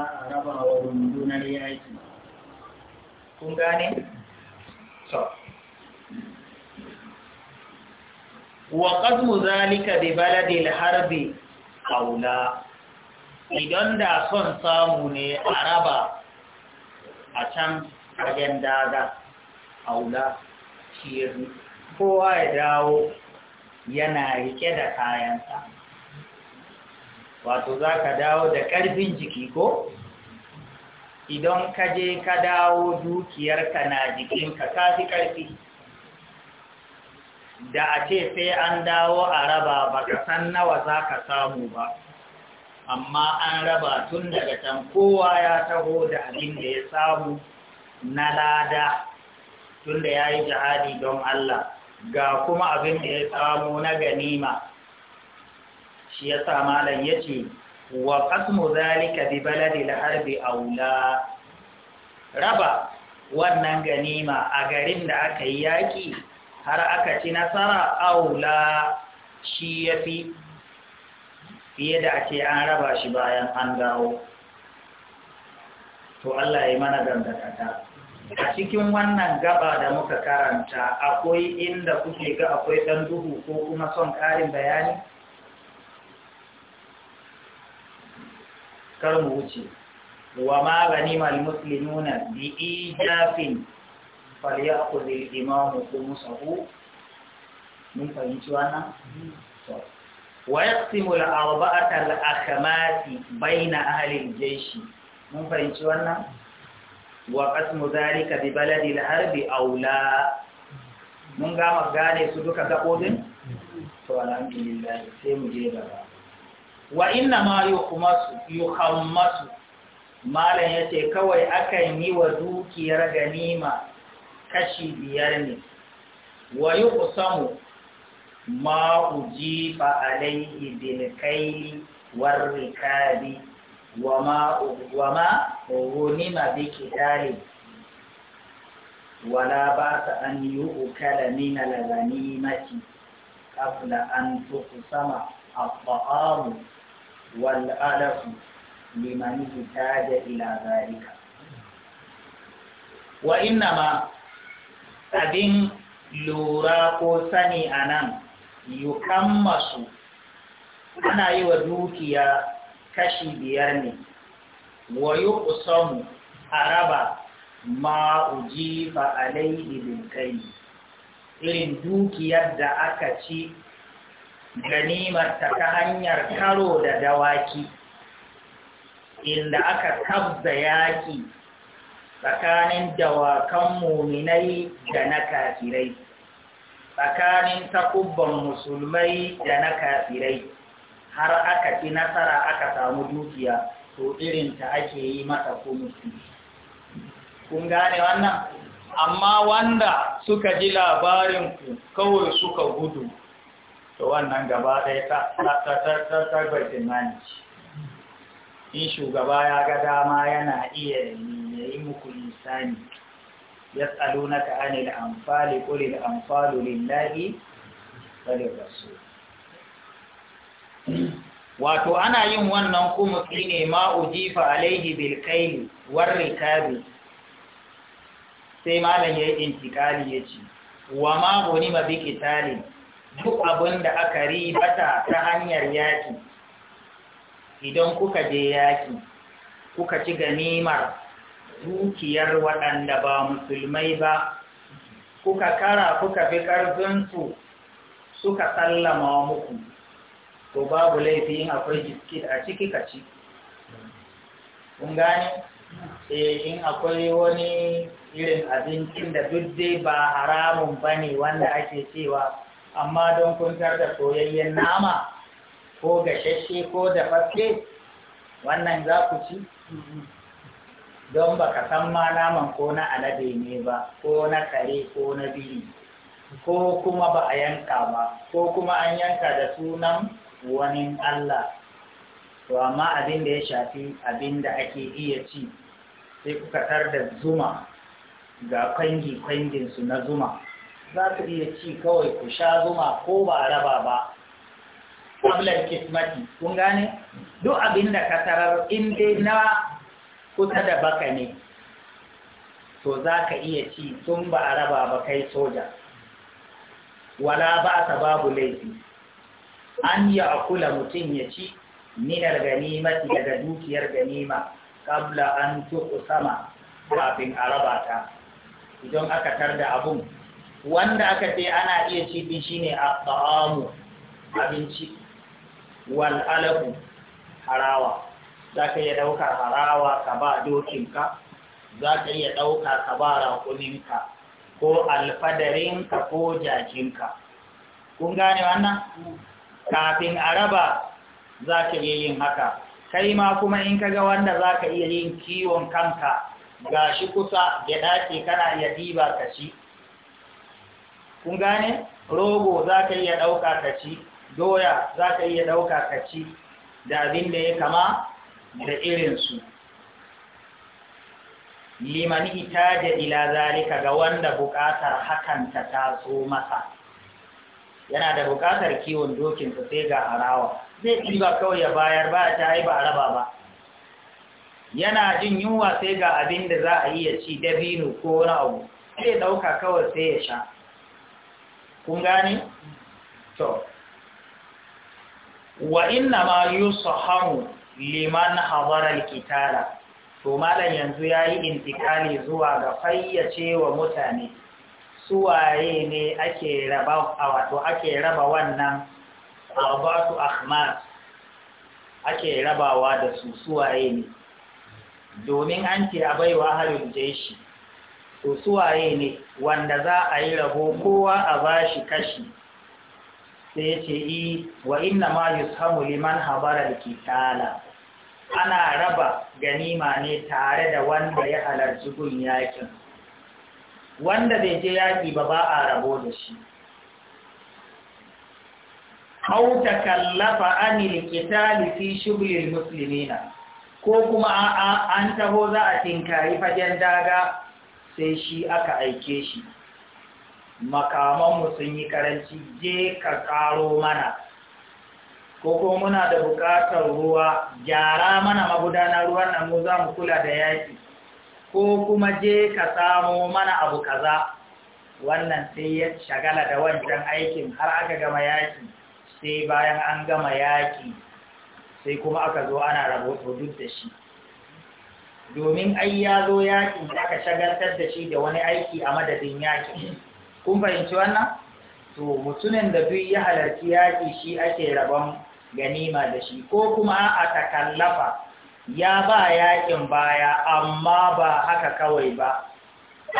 za a raba wa rundunar yaki kun gane? so wa zalika da harbi aula idan da son samu ne a raba a can wajen daga aula shi kowa ya dawo yana rike da kayansa wato za ka dawo da ƙarfin jiki ko idan ka je ka dawo dukiyarka na jikinka ka fi ƙarfi da a ce sai an dawo a raba ba ka san nawa za ka samu ba amma an raba tun daga can kowa ya taho da abin da ya samu na lada tun da ya yi jihadi don Allah ga kuma abin da ya samu na ganima shi yasa malam ce, wa qasmu zalika bi baladi al aula raba wannan ganima a garin da aka yi yaƙi, har aka ci nasara aula shi ya fi. fiye da ake an raba shi bayan an dawo to Allah ya mana dandakata a cikin wannan gaba da muka karanta akwai inda kuke ga akwai ɗan duhu ko kuma son ƙarin bayani kar mu wuce wa ma ganima almuslimuna bi ijafin falyakhudh al-imamu khumsahu mun fahimci wannan to wa yaqsimu al-arba'ata akamati bai na ahalin al-jaysh mun fahimci wannan wa qasmu dhalika bi baladi al-harb aula mun gama gane su duka gabobin to alhamdulillah sai mu je gaba wa inna ma yuhammasu malam ya ce kawai akan yi wa dukiyar ganima kashi biyar ne wa yi kusamu ma uji ba alaihi bilkaili warrikabi wa ma ma bi kitali wala ba ta an yi ukala min alganimati qabla an tuqsama at والألف لمن احتاج إلى ذلك وإنما abin lura ko sani a nan yukammasu ana yiwa dukiya kashi biyar ne wa yi kusamu a raba ma'uji fa'alai ibin irin dukiyar da aka ci ganimarta ta hanyar karo da dawaki inda aka kabza yaƙi tsakanin dawakan muminai da na kafirai tsakanin takubban musulmai da na kafirai har aka ci nasara aka samu dukiya to irinta ake yi masa kumusi kun gane wannan amma wanda suka ji labarinku kawai suka gudu to wannan gaba ɗaya ta tarbar imani in shugaba ya ga dama yana iya yi muku nisani ya tsalo na ta'ani amfali ƙuri da amfalo lillahi tsarin rasu wato ana yin wannan kuma ne ma'ujifa alaihi bilkaili warri kabi sai malam ya yi intikali ya ce wa ma goni ma kitalin duk abin da aka ribata ta hanyar yaƙi idan kuka je yaƙi kuka ci ganimar dukiyar waɗanda ba musulmai ba kuka kara kuka fi ƙarfinsu suka sallama muku to babu yin akwai jiski a ciki ci. kun gane eh, in akwai wani irin abincin da duk dai ba haramun bane wanda ake cewa amma don kuntar da soyayyen nama ko gashashe ko da dafaffe wannan za ku ci don ba ka san ma naman ko na alade ne ba ko na kare ko na biri ko kuma ba a yanka ba ko kuma an yanka da sunan wani Allah to amma abin da ya shafi abin da ake iya ci sai kuka tar da zuma ga kwangi kwanginsu na zuma za su iya ci kawai ku sha zuma ko ba raba ba ƙablar kismati kun gane duk abin da ka tarar in dai na kusa da baka ne to za ka iya ci tun ba a raba ba kai soja wala ba ta babu laifi an yi akula mutum ya ci minar ganimati daga dukiyar ganima kabla an tuku sama kafin a raba ta idan aka tar da abun wanda aka ce ana iya ci din shine at-ta'amu abinci wal harawa. harawa zaka iya daukar harawa ka ba dokinka zaka iya dauka ka ba raƙuminka ko alfadarinka ko ka? kun gane wannan kafin a raba za ka iya yin haka kai ma kuma in ka ga wanda za ka iya yin kiwon kanka gashi kusa gyaɗa dace kana iya diba ka ci kun gane rogo za ka iya ɗauka ka ci doya za ka iya ɗauka ka ci da abin da ya kama da irinsu liman itaja ila zalika ga wanda buƙatar hakan ta taso masa yana da buƙatar kiwon dokinsa sai ga harawa zai ɗiba kawai ya bayar ba ta yi ba raba ba yana jin yunwa sai ga abin da za a yi ci dabino ko na abu sai ɗauka kawai sai ya sha kun gane to wa inna ma yusahamu liman hadara alkitala to malam yanzu yayi intikali zuwa ga fayyace wa mutane suwaye ne ake raba a wato ake raba wannan arbatu ahmad ake rabawa da su suwaye ne domin an ce a baiwa halin jeshi to suwaye ne wanda za a yi rabo kowa a bashi kashi sai ya ce yi wa ina ma yushamu liman habara kitala ana raba ganima ne tare da wanda ya halarci gun yakin wanda bai je yaki ba ba a rabo da shi aw kallafa anil qitali fi shughli muslimina ko kuma an taho za a tinkari fagen daga sai shi aka aike shi makamanmu sun yi karanci je ka ƙaro mana ko ko muna da buƙatar ruwa gyara mana magudanar ruwan nan mu za mu kula da yaƙi ko kuma je ka samo mana abu kaza wannan sai ya shagala da wancan aikin har aka gama yaƙi sai bayan an gama yaƙi sai kuma aka zo ana rahoto duk da shi domin ai ya zo yaƙi aka shagaltar da shi da wani aiki a madadin yaƙi kun fahimci wannan to mutumin da duk ya halarci yaƙi shi ake rabon ganima da shi ko kuma a takallafa ya ba yaƙin baya amma ba haka kawai ba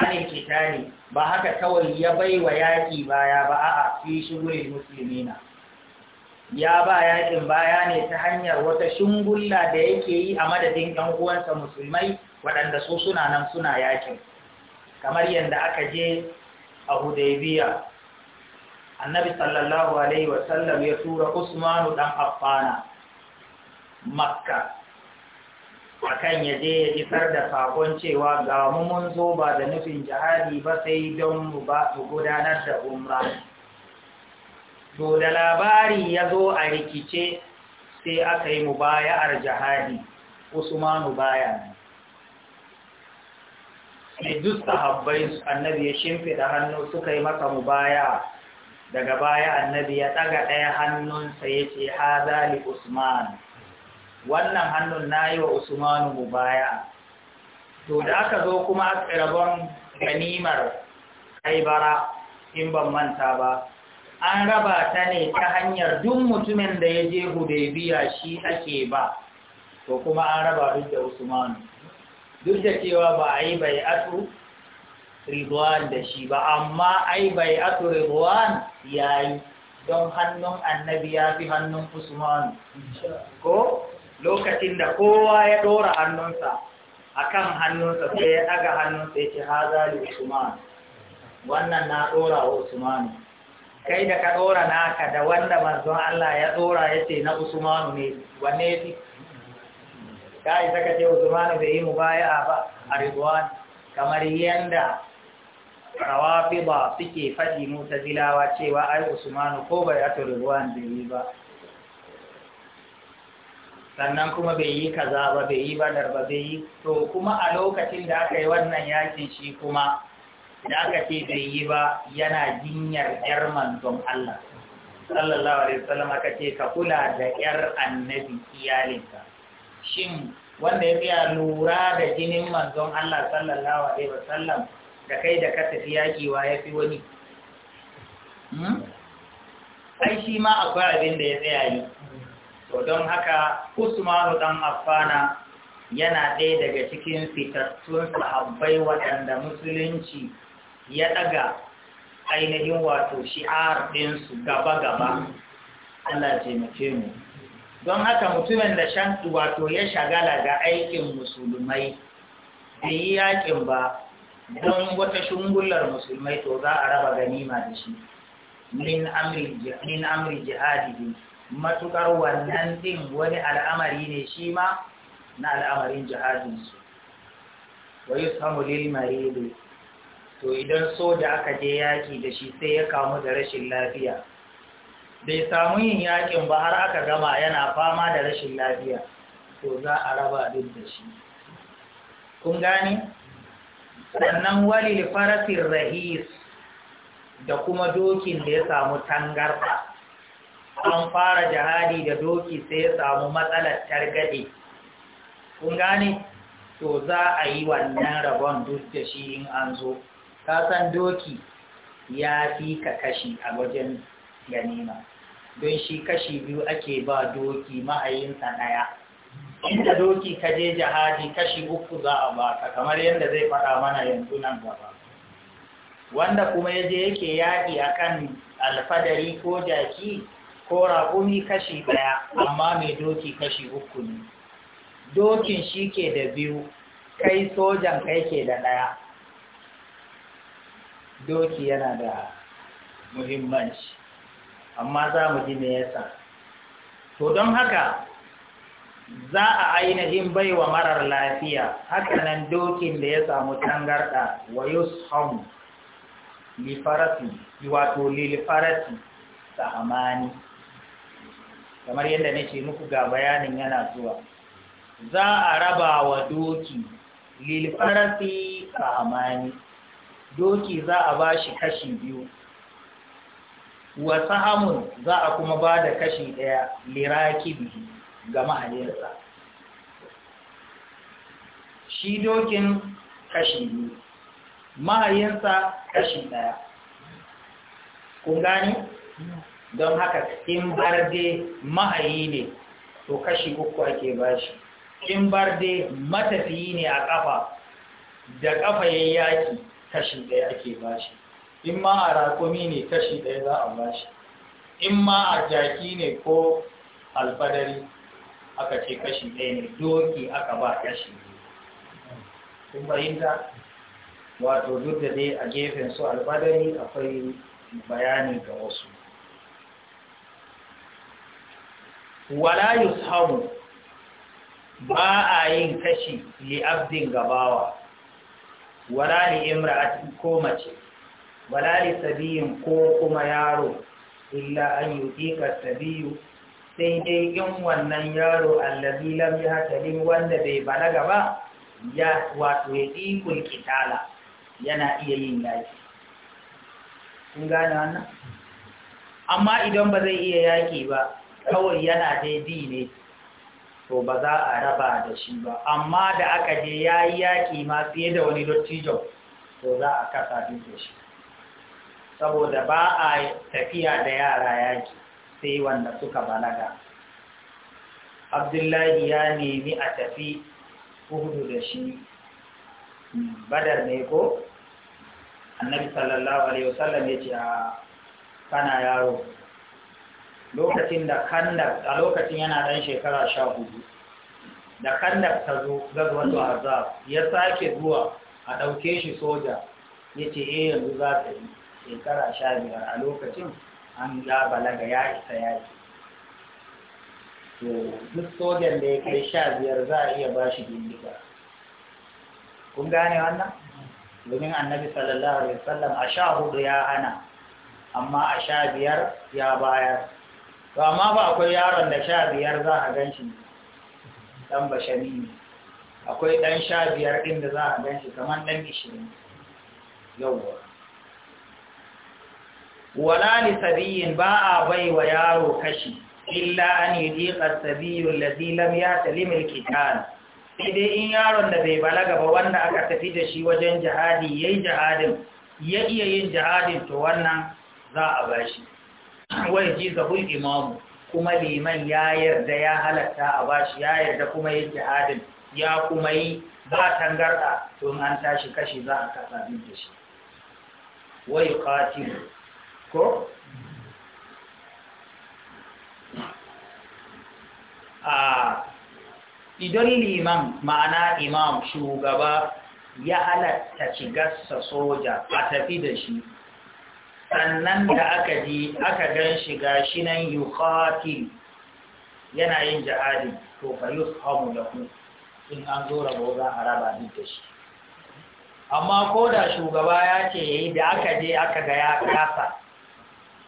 anin kitani ba haka kawai ya bai wa yaƙi baya ba a'a fi shi wuri musulmina ya ba yaƙin baya ne ta hanyar wata shingulla da yake yi a madadin ɗan uwansa musulmai waɗanda su suna nan suna yaƙin. kamar yadda aka je a hudaybiya annabi sallallahu alaihi wasallam ya tura usmanu ɗan affana makka kan ya je ya isar da sakon cewa ga mun zo ba da nufin jihadi ba sai don mu ba su gudanar da umra to da labari ya zo a rikice sai aka yi mu mubaya'ar jihadi usmanu baya ne duk sahabbai annabi ya da hannu suka yi masa baya? daga baya annabi ya daga ɗaya hannunsa ya ce haza li usman wannan hannun na yi wa usmanu baya to da aka zo kuma a tsirabon ganimar haibara in ban manta ba an raba ta ne ta hanyar duk mutumin da ya je Hudebiya shi ake ba to kuma an raba duk da usmanu duk da cewa ba a yi bai atu ridwan da shi ba amma ai bai atu ridwan ya yi don hannun annabi ya fi hannun usmanu ko lokacin da kowa ya ɗora hannunsa a kan hannunsa sai ya daga hannunsa ya ce haza da usmanu wannan na ɗora wa usmanu kai da ka dora naka da wanda manzon Allah ya dora ya na Usmanu ne wanne ya fi ka isa ka ce Usmanu bai yi mubaya ba a Ridwan kamar yanda rawafida suke faɗi mutazilawa cewa ai Usmanu ko bai ato Ridwan bai yi ba sannan kuma bai yi kaza ba bai yi badar ba bai yi to kuma a lokacin da aka yi wannan yakin shi kuma da aka ce bai yi ba yana jinyar ‘yar manzon Allah, sallallahu Alaihi wasallam aka ce ka kula da ‘yar annabi iyalinka. Shin wanda ya fiya lura da jinin manzon Allah sallallahu Alaihi wasallam da kai da ka tafi yaƙiwa ya fi wani? Hmm? Ai, shi ma akwai abin da ya tsaya yi. To don haka, Usmanu ɗan Affana yana ɗaya daga cikin fitattun sahabbai waɗanda musulunci ya daga ainihin wato shi'ar ɗinsu gaba-gaba Allah taimake mu don haka mutumin da shan wato ya shagala ga aikin musulmai bai yi yakin ba don wata shungular musulmai to za a raba ganima da shi min amri jihadi Matuƙar wannan ɗin wani al'amari ne shi ma na al'amarin jihadinsu wa yi samu lilmari da to idan so da aka je yaki da shi sai ya kamu da rashin lafiya bai samu yin yaƙin ba har aka gama yana fama da rashin lafiya to za a raba duk da shi kun gani sannan wani farafin rahis da kuma dokin da ya samu tangarfa an fara jihadi da doki sai ya samu matsalar targaɗe kun gane to za a yi wannan rabon duk da shi in an zo ka san doki ya fi ka kashi a wajen ganima don shi kashi biyu ake ba doki ma'ayinsa ɗaya inda doki ka je jihadi kashi uku za a baka kamar yadda zai faɗa mana yanzu nan gaba wanda kuma ya je yake yaƙi a kan alfadari ko jaki ko raƙumi kashi ɗaya amma mai doki kashi uku ne dokin shi ke da biyu kai sojan kai ke da ɗaya doki yana da muhimmanci amma za mu ji me yasa to don haka za a ainihin baiwa marar lafiya hakanan dokin da ya samu tangarda wa yusham li farasi wato lil farasi sahamani kamar yadda nake muku ga bayanin yana zuwa za a raba wa doki lil farasi sahamani doki za a ba shi kashi biyu wa sahamun za a kuma ba da kashi ɗaya lirakibi ga mahalinsa shi dokin kashi biyu mahayinsa kashi ɗaya kun gani don haka in barde ma'ayi ne to kashi uku ake bashi in barde matafiyi ne a ƙafa da ƙafa ya yaki kashi ɗaya ake bashi in ma a raƙumi ne kashi ɗaya za a bashi in ma a jaki ne ko alfadari aka ce kashi ɗaya ne doki aka ba kashi kun fahimta wato duk da dai a gefen su alfadari akwai bayani ga wasu wala yushamu ba a yin kashi li'abdin gabawa wala li imra'ati ko mace wala li sabiyin ko kuma yaro illa an yuqika sabiyu sai dai in wannan yaro allazi lam yahtalim wanda bai balaga ba ya wato ya ikul kitala yana iya yin yaki kun gane wannan amma idan ba zai iya yaki ba kawai yana dai bi ne to ba za a raba da shi ba amma da aka je ya yi yaƙi ma fiye da wani dottijo to za a kasa duk da shi saboda ba a tafiya da yara yaƙi sai wanda suka balaga abdullahi ya nemi a tafi Hudu da shi badar ne ko annabi sallallahu alaihi wasallam ya ce a kana yaro lokacin da kandar a lokacin yana ɗan shekara sha hudu da kandar ta zo gazwatu azab ya sake zuwa a ɗauke shi soja ya ce eh yanzu za ta yi shekara sha biyar a lokacin an ga balaga ya isa yaki to duk sojan da ya kai sha biyar za a iya ba shi bindiga kun gane wannan domin annabi sallallahu alaihi wasallam a sha hudu ya hana amma a sha biyar ya bayar to amma ba akwai yaron da sha biyar za a gan shi dan bashani ne akwai dan sha biyar ɗin da za a gan shi kamar dan ishirin yauwa wala sabiyin ba a bai wa yaro kashi illa an yi diƙar sabiyun lazi lam ya talimil kitan sai dai in yaron da bai balaga ba wanda aka tafi da shi wajen jihadi yi jihadin ya iya yin jihadin to wannan za a bashi wai ji zabul imamu kuma liman ya yarda ya halatta a bashi ya yarda kuma yi jihadin ya kuma yi ba tangarɗa in an tashi kashi za a kasa bin da shi wai ko? a idan liman ma'ana imam shugaba ya halatta shigarsa soja a tafi da shi sannan da aka ji aka gan shi gashi nan yana yin jihadi to fa da ku in an zo rabo za a raba duk da shi amma ko da shugaba ya ce ya yi da aka je aka ga ya kasa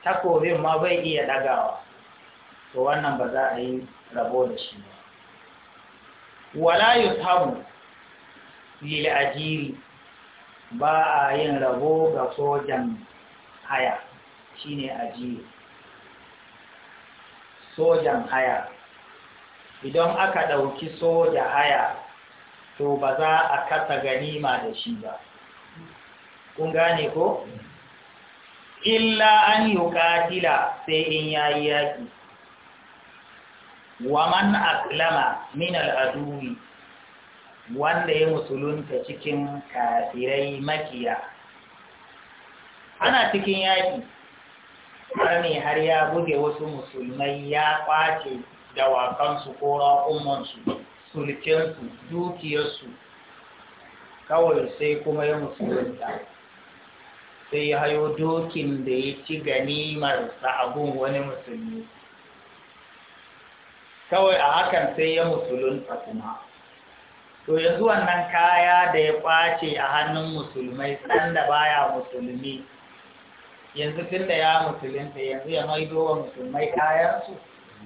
takobin ma bai iya dagawa to wannan ba za a yi rabo da shi ba wala hamu, lil ajiri ba a yin rabo ga sojan haya shine ajiye sojan haya idan aka ɗauki soja haya to ba za a kasa ganima da shi ba kun gane ko illa an yi katila sai in yayi yaki waman aklama min al'aduri wanda ya musulunta cikin kafirai makiya ana cikin yaƙi har har ya buge wasu musulmai ya ƙwace dawakansu ko raƙumansu sulkinsu, dukiyarsu kawai sai kuma ya musulunta sai ya hayo dokin da ya ci ganimar sa'abun wani musulmi kawai a hakan sai ya musulunta kuma to yanzu wannan kaya da ya ƙwace a hannun musulmai sanda baya musulmi yanzu tun da ya musulunta yanzu ya maido wa musulmai kayansu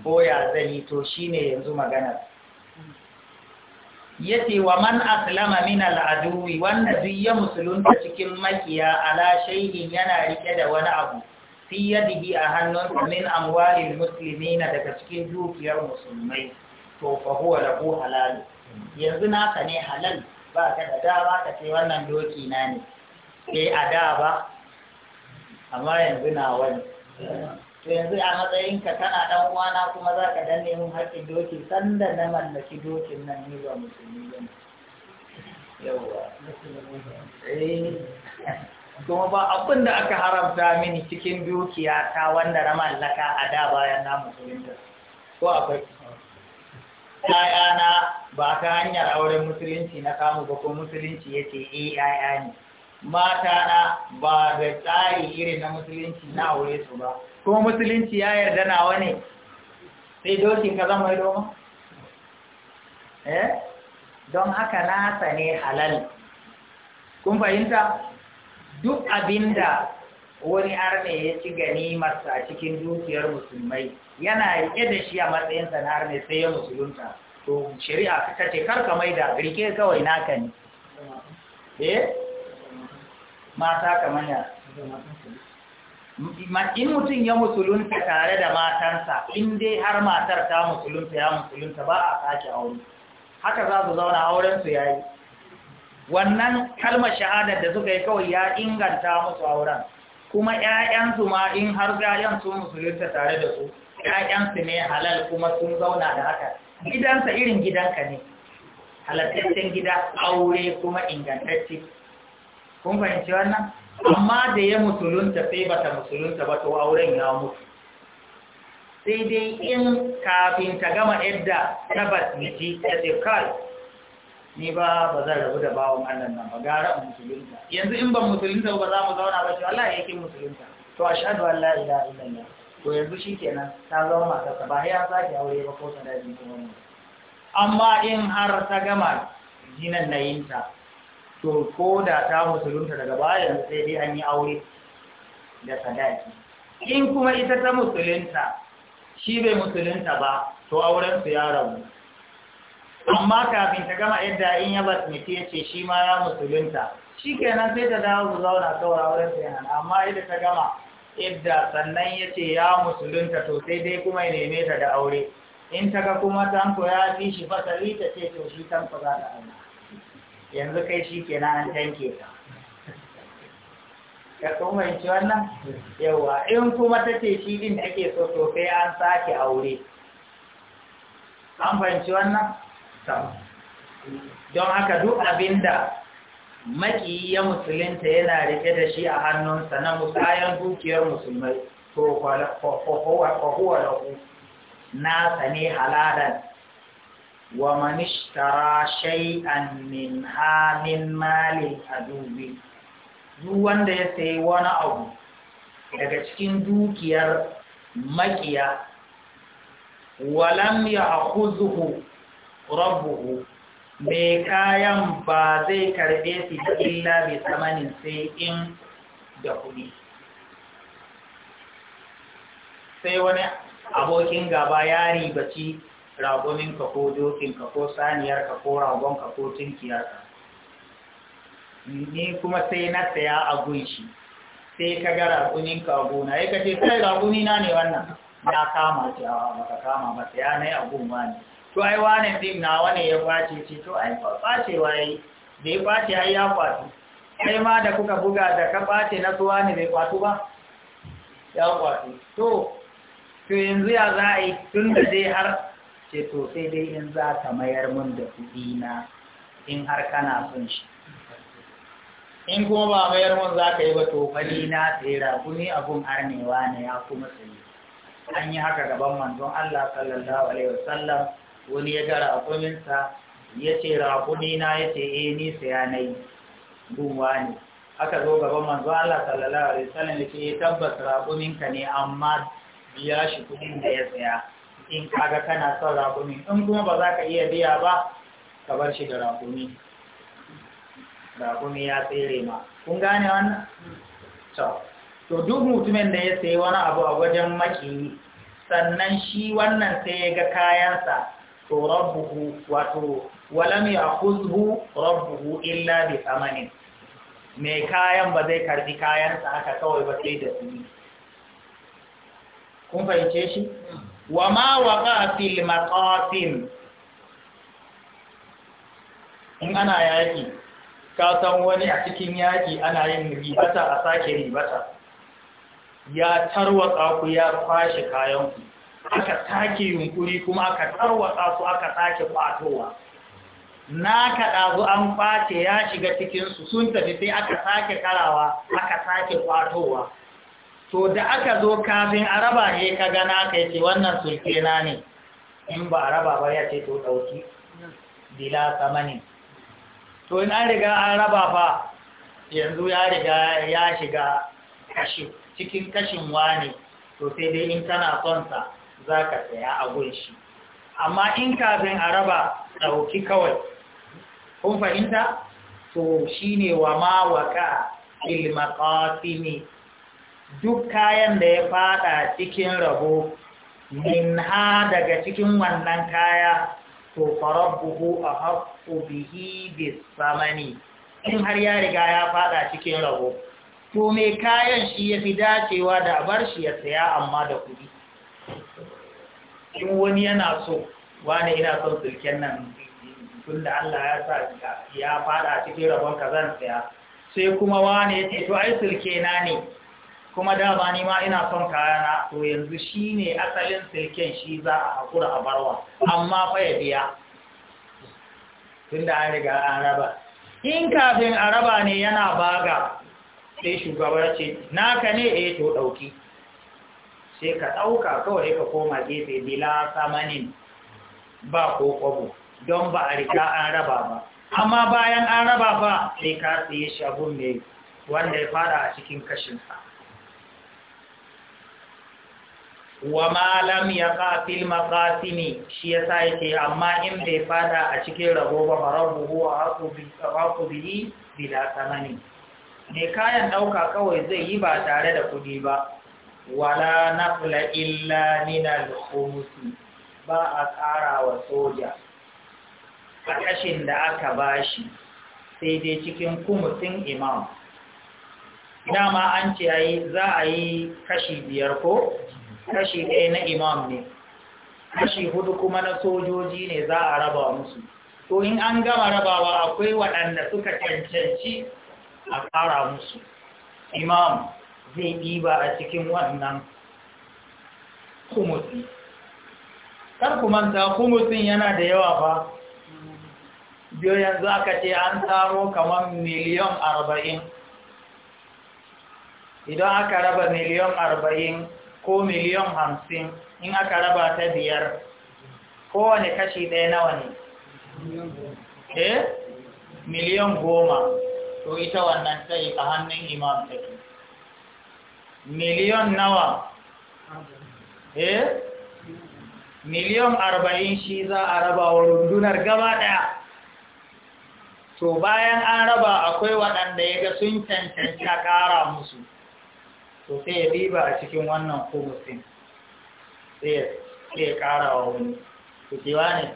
ko ya zai to shi ne yanzu maganar ce wa man aslama min al'adui wanda duk ya musulunta cikin makiya ala shaidin, yana rike da wani abu fi yadihi a hannun min musulmi na daga cikin dukiyar musulmai to fahuwa da ko halal yanzu naka ne halal ba ka da dama ka ce wannan doki na ne sai a da ba amma yanzu na wani to yanzu a matsayin ka tana dan uwana kuma za ka danne mun haƙƙin doki sanda na mallaki dokin nan ni ba musulmi ba ne yawwa eh. kuma ba abin da aka haramta mini cikin dukiya ta wanda na mallaka a da bayan na musulunta ko akwai ‘ya'yana ba ta hanyar auren musulunci na kamu ba ko musulunci ya ce eh, ‘ya'ya ne mata na ba da tsari irin na musulunci na aure su ba kuma musulunci ya yarda na wani. sai dokin ka zama yi eh don haka na ne halal kun fahimta duk abinda wani arne ya ci gani a cikin dukiyar musulmai yana rike da shi a matsayinsa na arne sai ya musulunta to shari'a ta ce karka mai da rike kawai naka ne eh mata kamar ya in mutum ya musulunta tare da matansa, in dai har matar ta musulunta ya musulunta ba a sake aure haka za su zauna aurensu ya yi wannan kalmar shahadar da suka yi kawai ya inganta musu auren kuma ‘ya'yansu ma in har gayan sun musulunta tare da su ‘ya'yansu ne halal kuma sun zauna da haka gidansa irin gidanka ne halattaccen gida aure kuma ingantacce kun fahimci wannan amma da ya musulunta sai ba ta musulunta ba to auren ya mutu sai dai in kafin ta gama yadda tabbas miji ta ce kai ni ba ba zan rabu da bawon Allah nan ba gara musulunta yanzu in ban musulunta ba za mu zauna ba shi. Allah yake musulunta to ashhadu an la ilaha illallah to yanzu kenan ta zama matarsa ba ya sake aure ba ko ta daji kuma amma in har ta gama jinan nayinta to ko da ta musulunta daga bayan sai dai an yi aure da sadaki in kuma ita ta musulunta shi bai musulunta ba to auren ya rabu amma kafin ta gama yadda in ya basmiti ya ce shi ma ya musulunta shi kenan sai ta dawo su zauna saura auren su yana amma yadda ta gama yadda sannan ya ce ya musulunta to sai dai kuma ya neme ta da aure in ta ga kuma tanko ya fi shi fasali ta ce to shi tanko za ta Allah yanzu kai shi ke na an tanke ka ka ci wannan yawa in kuma ta ce shi din ake so so sai an sake aure an fahimci wannan don haka duk abinda makiya musulunta yana rike da shi a hannunsa na musayan dukiyar musulmai to kwahuwa nasa ne Wa man ishtara shay'an min من a dubi duk wanda ya sayi wani abu daga cikin dukiyar makiya walam ya akuzuhu rabbuhu mai kayan ba zai karbe su da illa bai samanin sai in da kudi sai wani abokin gaba ya ribaci raguminka ko dokinka ko saniyarka ko ragonka ko tunkiyarka ni kuma sai na saya a gunshi sai ka ga raguninka a gona ya kace sai na ne wannan na kama ce a maka kama masa ya yi a gunwa ne to ai wane din na wane ya kwace ce to ai kwace waye? da ya kwace ai ya kwace sai ma da kuka buga da ka kwace na suwa ne bai kwatu ba ya kwace to to yanzu ya za a yi tun da dai har ce to sai dai in za ka mayar mun da kuɗi na in har kana son shi in kuma ba mayar mun za ka yi ba to bali na tsira kuni abun arnewa ne ya kuma tsaye an yi haka gaban manzon Allah sallallahu alaihi wasallam wani ya gara akuminsa ya ce rakuni na ya ce eh ni saya yi, gunwa ne aka zo gaban manzon Allah sallallahu alaihi wasallam ya ce eh, tabbas rakuminka ne amma biya shi kuɗin da ya saya in kaga kana son rakumi in kuma ba za ka iya biya ba ka bar shi da rakumi rakumi ya tsere ma kun gane wannan to duk mutumin da ya sayi wani abu a wajen makiyi sannan shi wannan sai ya ga kayansa to rabbuhu wato walam ya'khudhu rabbuhu illa bi thamanin mai kayan ba zai karbi kayansa haka kawai ba sai da su kun fahimce shi wa ma waqa fil maqatin in ana yaki ka san wani a cikin yaki ana yin ribata a sake ribata ya tarwa ku ya kwashe kayan ku aka sake yunkuri kuma aka tarwa su aka sake kwatowa na kaɗa an kwace ya shiga cikinsu sun tafi sai aka sake karawa aka sake kwatowa to da aka zo kafin a raba ne ka gana ka ce wannan sulke na ne in ba a raba ba ya ce to ɗauki sama ne. to in an riga an raba fa yanzu ya riga ya shiga cikin kashin wane to sai dai in kana son sa za ka saya a gunshi amma in kafin a raba ɗauki kawai kun fahimta to shine wa ma waka ne duk kayan da ya fada cikin rabo ha daga cikin wannan kaya to farabbuhu a haƙƙu bihi samani in har ya riga ya fada cikin rabo to me kayan shi ya fi dacewa da bar shi ya saya amma da kudi in wani yana so wani ina son sulken nan tun da Allah ya sa ya fada cikin rabon kazan saya sai kuma wani ya ce to ai sulke na ne kuma dama ni ma ina son kayana to yanzu shi ne asalin silken shi za a haƙura a barwa amma fa ya biya tun an riga an raba in kafin a raba ne yana baga sai shugaba ce naka ne E to ɗauki sai ka ɗauka kawai ka koma gefe bila samanin ba ko kwabo don ba a riga an raba ba amma bayan an raba ba sai ka tsaye shagun mai wanda ya fada a cikin kashinsa wa malam ya kafil makasini shi ya sa yake amma in bai fada a cikin rago ba farabuhu a haku biyi bila ne kayan ɗauka kawai zai yi ba tare da kuɗi ba wala nafla illa nina lukumusi ba a ƙara wa soja a ƙashin da aka bashi sai dai cikin kumusin imam ma an ce za a yi kashi biyar ko kashi ɗaya na imam ne kashi hudu kuma na sojoji ne za a raba musu to in an gama rabawa akwai waɗanda suka cancanci a ƙara musu imam zai ɗiba a cikin wannan kumusi kar kumusin yana da yawa ba biyo yanzu aka ce an taro kamar miliyan arba'in idan aka raba miliyan arba'in ko miliyan hamsin in aka raba ta biyar kowane kashi ɗaya nawa ne eh miliyan goma to ita wannan sai a hannun imam take miliyan nawa eh miliyan arba'in shi za a raba wa rundunar gaba ɗaya to bayan an raba akwai waɗanda ya ga sun cancanci a ƙara musu to sai ya riba a cikin wannan kumusin sai ya ƙara wa wani su cewa ne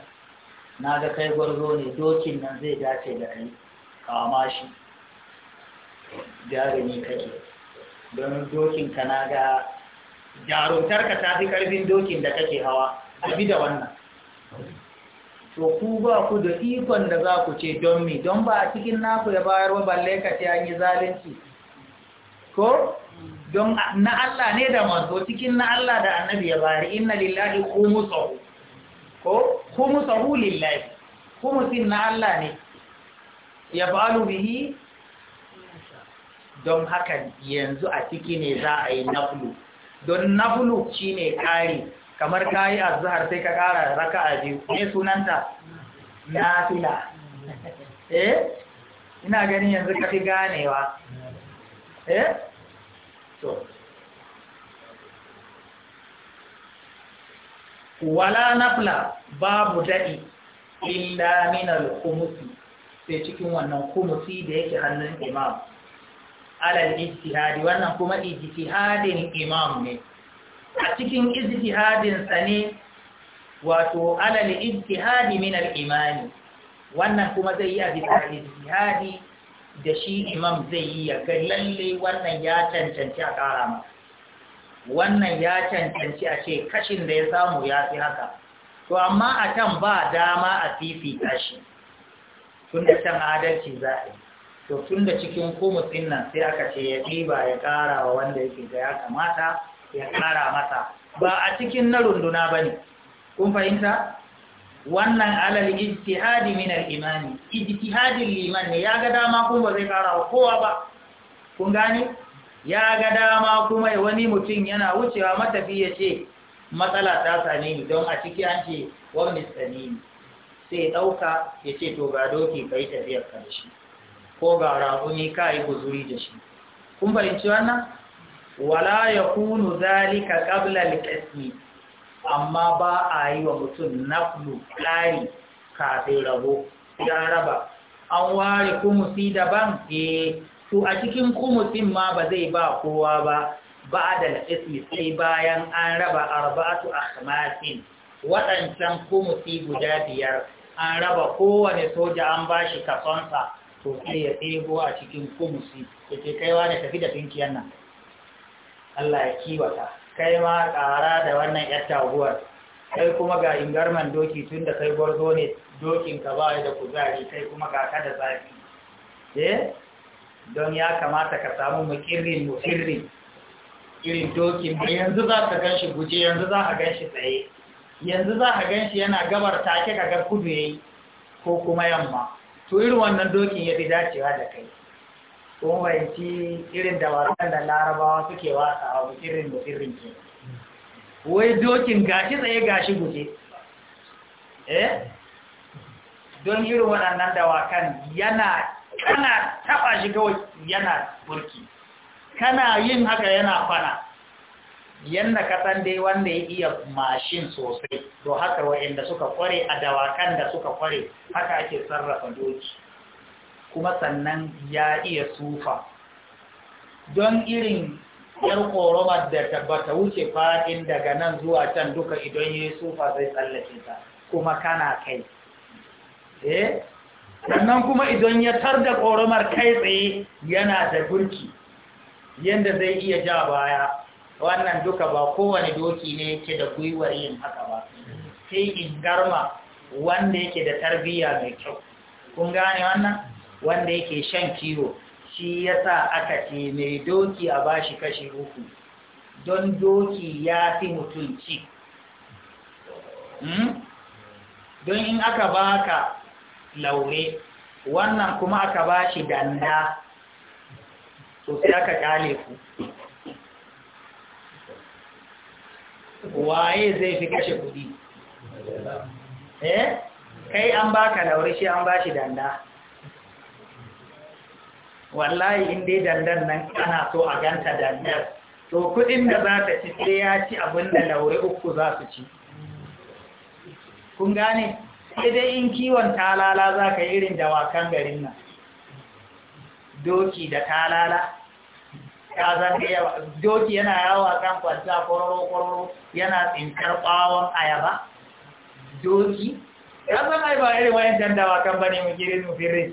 na ga kai gwarzo ne dokin nan zai dace da kai kama shi jarumi kake don dokin ka na ga jarumtar ka ta fi dokin da kake hawa abi da wannan to ku ba ku da ikon da za ku ce don mi don ba a cikin naku ya bayar wa balle ka ce an yi zalunci ko don na Allah ne da manzo cikin na Allah da annabi ya bari inna lillahi khumsuhu ko khumsuhu lillahi khumusin na Allah ne ya balu bihi don haka yanzu a ciki ne za a yi naflu don naflu ne kari kamar kayi azhar sai ka kara a biyu ne sunanta nafila eh ina ganin yanzu ka fi ganewa eh wala nafla babu daɗi illa minal kumusi sai cikin wannan kumusi da yake hannun imam alal ijtihadi wannan kuma ijtihadin imam ne a cikin ijtihadin sa ne wato alal ijtihadi minal imani wannan kuma zai yi a bisa ijtihadi da shi imam zai yi ya ga lalle wannan ya cancanci a ƙara masa wannan ya cancanci a ce kashin da ya samu ya fi haka to amma a can ba dama a fifita shi tun da can adalci za a yi to tun da cikin kumutsin nan sai aka ce ya ɗiba ya ƙara wa wanda yake ga ya kamata ya ƙara masa ba a cikin na runduna ba ne kun fahimta wannan alal ijtihadi min al-imani ijtihadi liman ne ya ga dama kuma ba zai kara wa kowa ba kun gane ya ga dama kuma wani mutum yana wucewa matafi ya ce matsala ta same ni don a ciki an ce wa misalini sai ɗauka ya ce to ga doki ka yi tafiyar karshe ko ga raƙumi ka yi guzuri da shi kun fahimci wannan wala yakunu zalika qabla al-qismi amma ba a yi wa mutum na kulu ƙari kafin rabo ya raba an ware kumusi daban eh to a cikin kumusin ma ba zai ba kowa ba ba da ismi sai bayan an raba arba'atu akhmasin waɗancan kumusi guda biyar an raba kowane soja an ba shi kasonsa to sai ya tsebo a cikin kumusi da ke kaiwa da tafi da tunkiyar nan Allah ya kiwata kai ma ƙara da wannan ‘yar taguwar kai kuma ga ingarman doki tun da kai gwarzo ne dokinka ba da kuzari kai kuma ga ka da zafi eh don ya kamata ka samu makirrin mukirri irin dokin ba yanzu za ka gan shi guje yanzu za a gan shi tsaye yanzu za a gan shi yana gabar take ka ga kudu yayi ko kuma yamma to irin wannan dokin ya fi dacewa da kai ko wanci irin da wasan da larabawa suke wasa a irin da irin ce wai dokin gashi tsaye gashi guje eh don irin waɗannan dawakan yana kana taɓa shi yana burki kana yin haka yana fana yadda ka dai wanda ya iya mashin sosai to haka wa'inda suka kware a dawakan da suka kware haka ake sarrafa doki kuma sannan ya iya sufa don irin yar koromar da bata wuce faɗin daga nan zuwa can duka idan ya sufa zai tsallake ta kuma kana kai eh sannan kuma idan ya tar da koromar kai tsaye yana da gurki, yadda zai iya ja baya wannan duka ba kowane doki ne yake da gwiwar yin haka ba sai in garma wanda yake da tarbiyya mai kyau kun gane wannan wanda yake shan kiwo shi ya sa aka ce mai doki a bashi kashi uku don doki ya fi mutunci hmm? don in aka baka laure wannan kuma aka bashi danda to sai aka kyale ku waye zai fi kashe kudi eh kai an baka laure shi an bashi danda wallahi in dai dandan nan ana so a ganta dandan to kudin da za ta ci sai ya ci abin da laure uku za su ci kun gane sai dai in kiwon talala za ka irin dawakan garin nan doki da talala kazan da yawa doki yana yawa kan kwanta kororo-kororo yana tsinkar bawon ayaba doki kazan ai ba irin wayan dandawa kan bane mu girin nufin rai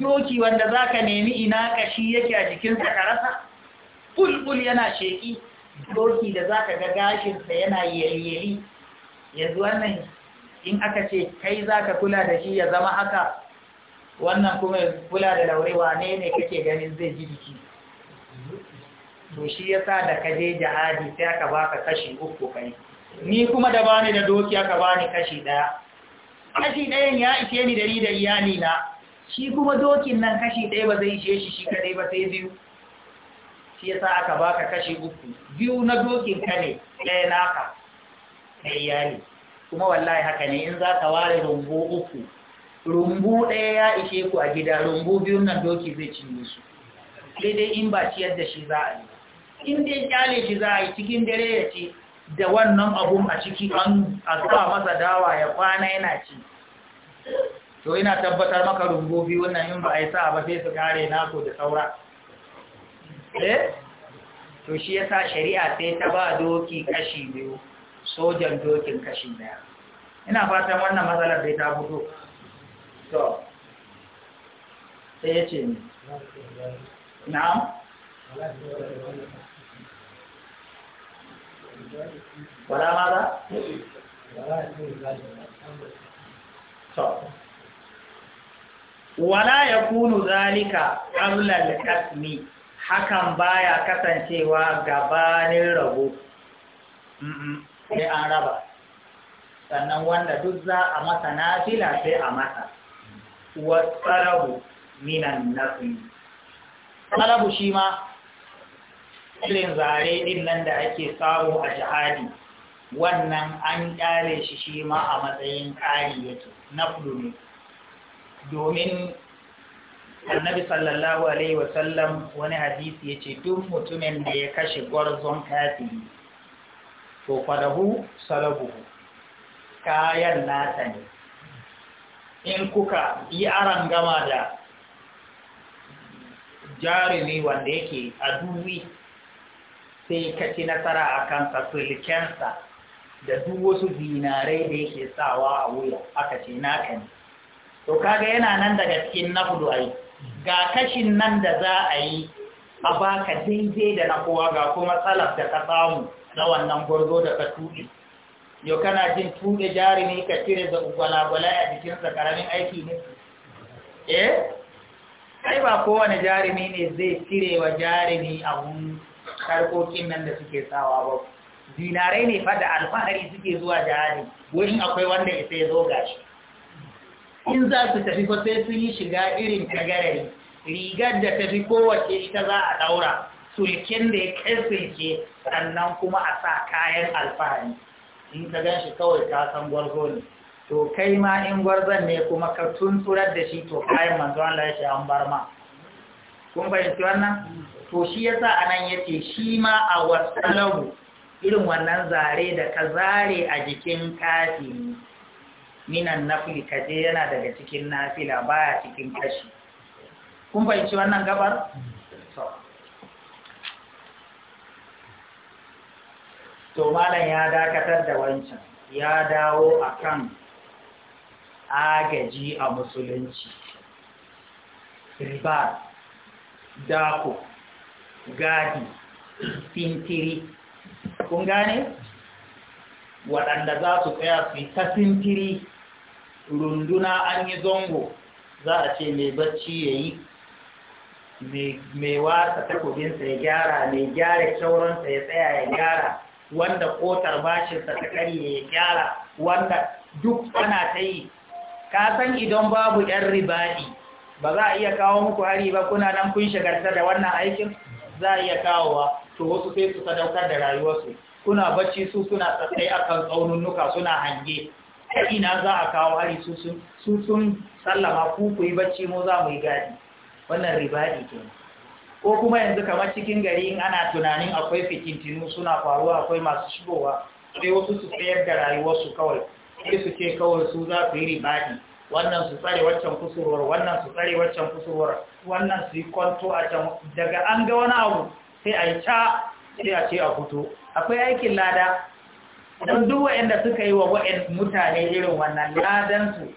doki wanda za ka nemi ina kashi yake a jikinsa ka rasa bulbul yana sheƙi doki da za ka ga gashinsa yana yayyari yanzu wannan in aka ce kai za ka kula da shi ya zama haka wannan kuma ya kula da laurewa ne ne kake ganin zai ji jiki to shi ya sa da kaje jihadi sai aka baka kashi uku kai ni kuma da bani da doki aka bani kashi ɗaya. kashi ɗayan ya ishe ni da ni da iyali na shi kuma dokin nan kashi ɗaya ba zai ishe shi shi kaɗai ba sai biyu shi ya sa aka baka kashi uku biyu na dokin ka ɗaya naka na kuma wallahi haka ne in za ka ware rumbu uku rumbu ɗaya ya ishe ku a gida rumbu biyun nan doki zai cinye su sai dai in ba ciyar da shi za a yi in dai kyale shi za a yi cikin dare ya ce da wannan abun a ciki an a masa dawa ya kwana yana ci to ina tabbatar maka rungobi wannan in ba a yi sa ba sai su kare nako da saura eh to shi yasa shari'a sai ta ba doki kashi biyu sojan dokin kashi daya ina fatan wannan matsalar zai ta fito to sai ya ni na'am wala ma ba? to wala ya kunu zalika ƙamlar ƙasmi hakan baya kasancewa gabanin rabo sai an raba sannan wanda duk za a masa nafila sai a masa wasarabu minan nafi salabu shi ma irin zare ɗin nan da ake samu a jihadi wannan an ƙyale shi shi ma a matsayin ƙari yake na ne domin annabi sallallahu alaihi wasallam wani hadisi ya ce duk mutumin da ya kashe gwarzon kafi to fadahu sarabuhu kayan nata ne in kuka yi aran gama da jarumi wanda yake a duwi sai ka ci nasara a kansa filkensa da duk wasu zinarai da yake sawa a wuya aka ce naka ne to kaga yana nan daga cikin na hudu ai ga kashin nan da za a yi a baka daidai da na kowa ga kuma tsalaf da ka samu na wannan gwarzo da ka tuɗe yau kana jin tuɗe jarumi ka cire da gwalagwala a jikinsa ƙaramin aiki ne eh ai ba kowane jarumi ne zai cire wa jarumi hun karkokin nan da suke sawa ba dinarai ne fa da alfahari suke zuwa jari wurin akwai wanda isa ya zo gashi in za su tafi fa sai sun yi shiga irin tagarari rigar da tafi kowace ita za a daura sulkin da ya kirsinke sannan kuma a sa kayan alfahari in ka gan shi kawai ka san gwarzo ne to kai ma in gwarzon ne kuma ka tunturar da shi to kayan manzo Allah ya ce an bar ma kun fahimci wannan to shi yasa anan yace shi ma a wasalabu irin wannan zare da ka zare a jikin kafin minan nafil kaje yana daga cikin nafila baya cikin kashi kun fahimci wannan gabar to malam ya dakatar da wancan ya dawo akan agaji a musulunci riba dako gadi fintiri kun gane waɗanda za su tsaya su yi ta sintiri runduna an yi zongo za a ce mai bacci ya yi mai wasa takobinsa ya gyara mai gyara kyauransa ya tsaya ya gyara wanda kotar bashinsa ta karye ya gyara wanda duk ana ta yi kasan idan babu yan ribaɗi ba za a iya kawo muku hari ba kuna nan kun shagarta da wannan aikin za a iya kawowa to wasu sai su sadaukar da rayuwarsu suna bacci su suna tsatsai akan nuka, suna hange ta ina za a kawo hari su sun sallama ku ku yi bacci mu za mu yi gadi wannan ribadi ke ko kuma yanzu kamar cikin gari in ana tunanin akwai fikintinu suna faruwa akwai masu shigowa sai wasu su tsayar da rayuwarsu kawai sai su ce kawai su za su yi ribadi wannan su tsare waccan kusurwar wannan su tsare waccan kusurwar wannan su yi kwanto a can daga an ga wani abu sai a yi ca sai a ce a fito akwai aikin lada don duk waanda suka yi wa wa'in mutane irin wannan ladansu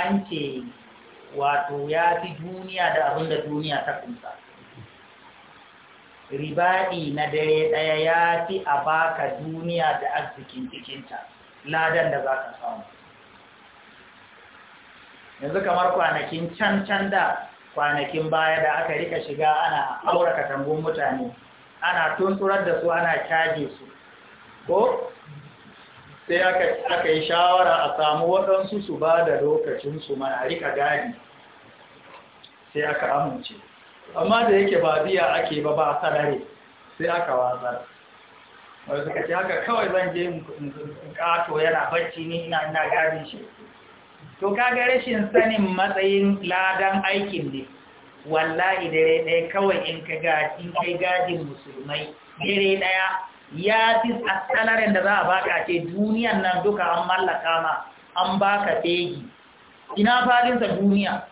an ce wato ya fi duniya da abin da duniya ta kunsa ribaɗi na dare ɗaya ya fi a baka duniya da arzikin cikinta ladan da za ka samu yanzu kamar kwanakin can can da kwanakin baya da aka rika shiga ana aura katangun mutane ana tunturar da su ana caje su ko sai aka yi shawara a samu waɗansu su ba da lokacinsu mana rika gani sai aka amince amma da yake ba biya ake ba ba salare sai aka wazar wani suka ce haka kawai zan je ƙato yana bacci ni ina ina gani shi to kaga rashin sanin matsayin ladan aikin ne wallahi dare ɗaya kawai in ka gaji in kai gajin musulmai dare ɗaya ya fi salarin da za a baka ce duniyan nan duka an mallaka ma an baka fegi ina faɗinsa duniya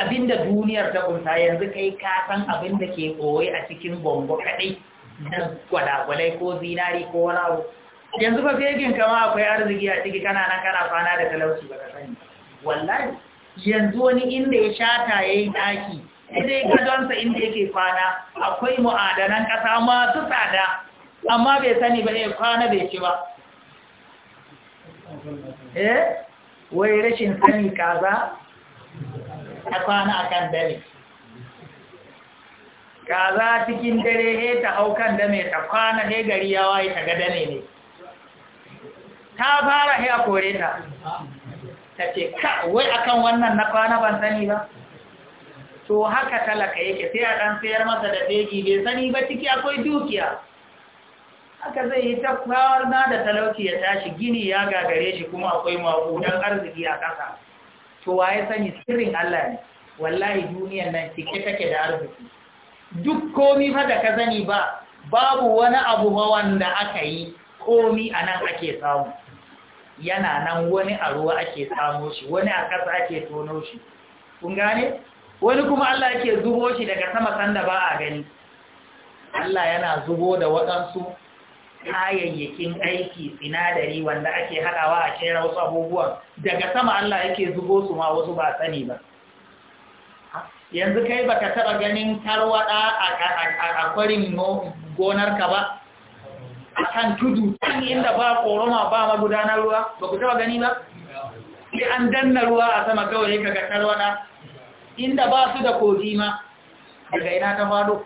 abinda duniyar ta kunta yanzu kai ka abinda ke koyi a cikin gombo kaɗai na gwalagwalai ko zinari ko wani yanzu ba fegin kama akwai arziki a ciki kana nan kana kwana da talauci ba ka sani wallahi yanzu wani inda ya shata ya yi ɗaki sai gadonsa inda yake kwana akwai mu'adanan ƙasa masu tsada amma bai sani ba ya eh, kwana bai ci ba eh wai rashin sani kaza ya kwana a kan dare kaza cikin dare he ta hau kan dame ta kwana ya gari ya waye ta ga ne ta fara ya kore ta ta ce ka wai akan wannan na kwana ban sani ba to haka talaka yake sai a ɗan sayar masa da fegi bai sani ba ciki akwai dukiya haka zai yi ta kwawar na da talauci ya tashi gini ya gagare shi kuma akwai maƙudan arziki a ƙasa to waye sani sirrin Allah ne wallahi duniyan nan cike take da arziki duk komi fa da ka zani ba babu wani abu wanda aka yi komi a nan ake samu yana nan wani a ruwa ake samu shi wani a ƙasa ake tono shi kun gane wani kuma Allah yake zubo shi daga sama sanda ba a gani Allah yana zubo da waɗansu kayayyakin aiki sinadari wanda ake haɗawa a kera wasu abubuwan daga sama Allah yake zubo su ma wasu ba sani ba yanzu kai baka taɓa ganin tarwaɗa a kwarin gonarka ba a kan tudu kan inda ba koroma ba magudanar ruwa ba ku taba gani ba sai an danna ruwa a sama kawai ka ga wada, inda ba su da kogi ma daga ina ta fado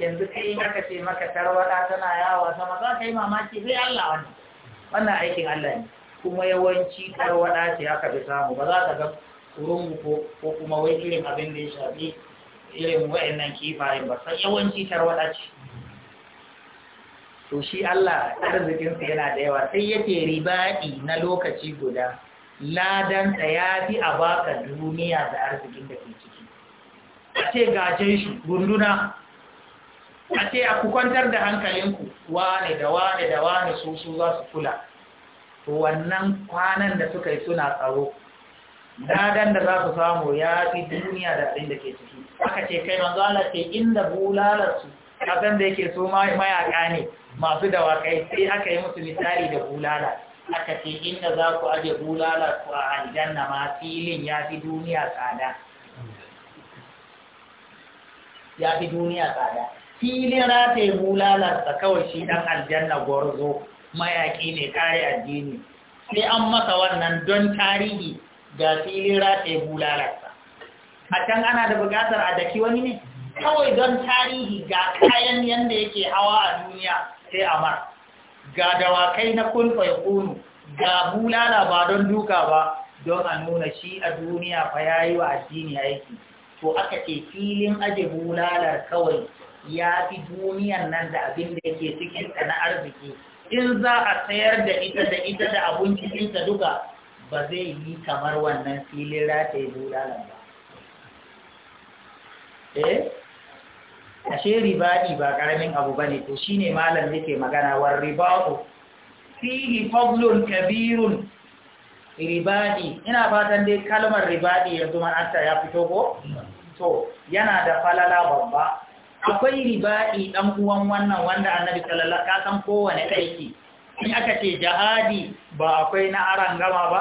yanzu kai aka ce maka tarwana tana yawa sama za ka yi mamaki sai Allah wani, wannan aikin Allah ne kuma yawanci tarwana ce aka fi samu ba za ka ga kurun ko kuma wai irin abin da ya shafi irin wa'annan kifayen ba sai yawanci tarwana ce to shi Allah arzikinsa yana da yawa sai yake ribadi na lokaci guda ladanta ya fi a baka duniya da arzikin da ke ciki a ce gajen shi gunduna a ce a ku kwantar da hankalinku wane da wane da wane su su za su kula to wannan kwanan da suka yi suna tsaro ladan da za su samu ya fi duniya da arzikin da ke ciki aka ce kai manzo Allah ce inda bulalarsu kasan da yake so mayaka ne masu dawakai sai aka yi musu misali da bulala aka ce inda za ku aje bulala ku a aljanna ma filin ya fi duniya tsada ya fi duniya tsada filin rataye bulalarsa kawai shi ɗan aljanna gwarzo mayaƙi ne kare addini sai an masa wannan don tarihi ga filin rataye bulalarsa a can ana da buƙatar a daki wani ne kawai don tarihi ga kayan yadda yake hawa a duniya sai amar ga dawakai na kulfai kunu ga bulala ba don duka ba don a nuna shi a duniya fa ya yi wa addini aiki to aka ce filin aje bulalar kawai ya fi duniyan nan da abin da yake cikinta na arziki in za a sayar da ita da ita da abun cikinta duka ba zai yi kamar wannan filin rataye bulalar ba eh ashe riba'i ba karamin abu ba ne to shine malam yake magana war riba'u fihi fadlun kabirun ribadi ina fatan dai kalmar ribaɗi yanzu man asta ya fito ko to yana da falala babba akwai ribaɗi ɗan uwan wannan wanda annabi sallallahu ka san kowane aiki in aka ce jihadi ba akwai na aran gama ba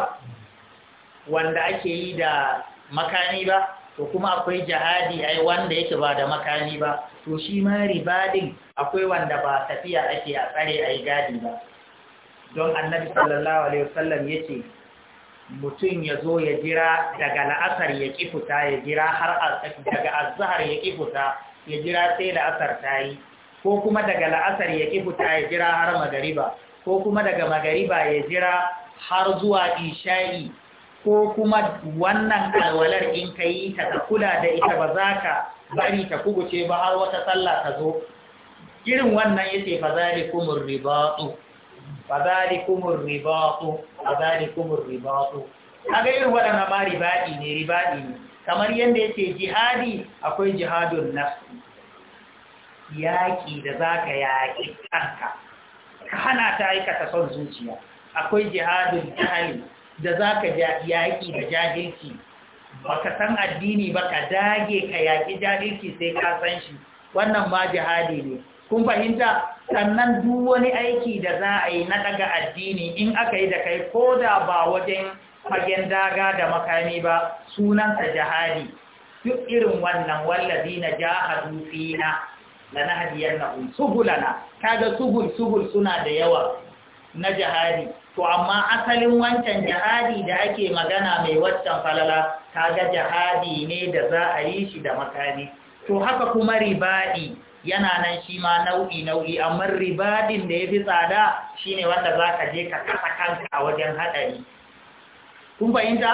wanda ake yi da makani ba to kuma akwai jihadi ai wanda yake ba da makani ba to shi ma ribadin akwai wanda ba tafiya ake a tsare a yi gadi ba don annabi sallallahu alaihi wasallam ya ce mutum ya zo ya jira daga la'asar ya ƙi ya jira har daga azahar ya ƙi ya jira sai la'asar ta yi ko kuma daga la'asar ya ƙi ya jira har magariba ko kuma daga magariba ya jira har zuwa isha'i ko kuma wannan alwalar in ka yi ta kula da ita ba za ka bari ta ce ba har wata sallah ta zo irin wannan yace fa zalikumur ribatu fa zalikumur ribatu fa zalikumur ribatu kaga irin wadannan ma ribadi ne ribadi ne kamar yanda yace jihadi akwai jihadun nafsi yaki da zaka yaki kanka ka hana ta aikata son zuciya akwai jihadun jahili da zaka yaki da jahilci baka san addini ba ka dage ka yaƙi jahilci sai ka san shi wannan ma jihadi ne kun fahimta sannan duk wani aiki da za a yi na daga addini in aka yi da kai ko da ba wajen fagen daga da makami ba sunansa jihadi duk irin wannan wallazi na jahadu fina lanahdiyanahum subulana kaga subul subul suna da yawa na jihadi to amma asalin wancan jihadi da ake magana mai wancan falala ta ga jihadi ne da za a yi shi da makami to haka kuma Ribadi yana nan shi ma nau'i nau'i amma ribaɗin da ya fi tsada shi ne wanda za ka je ka kasa kanka a wajen haɗari kun fahimta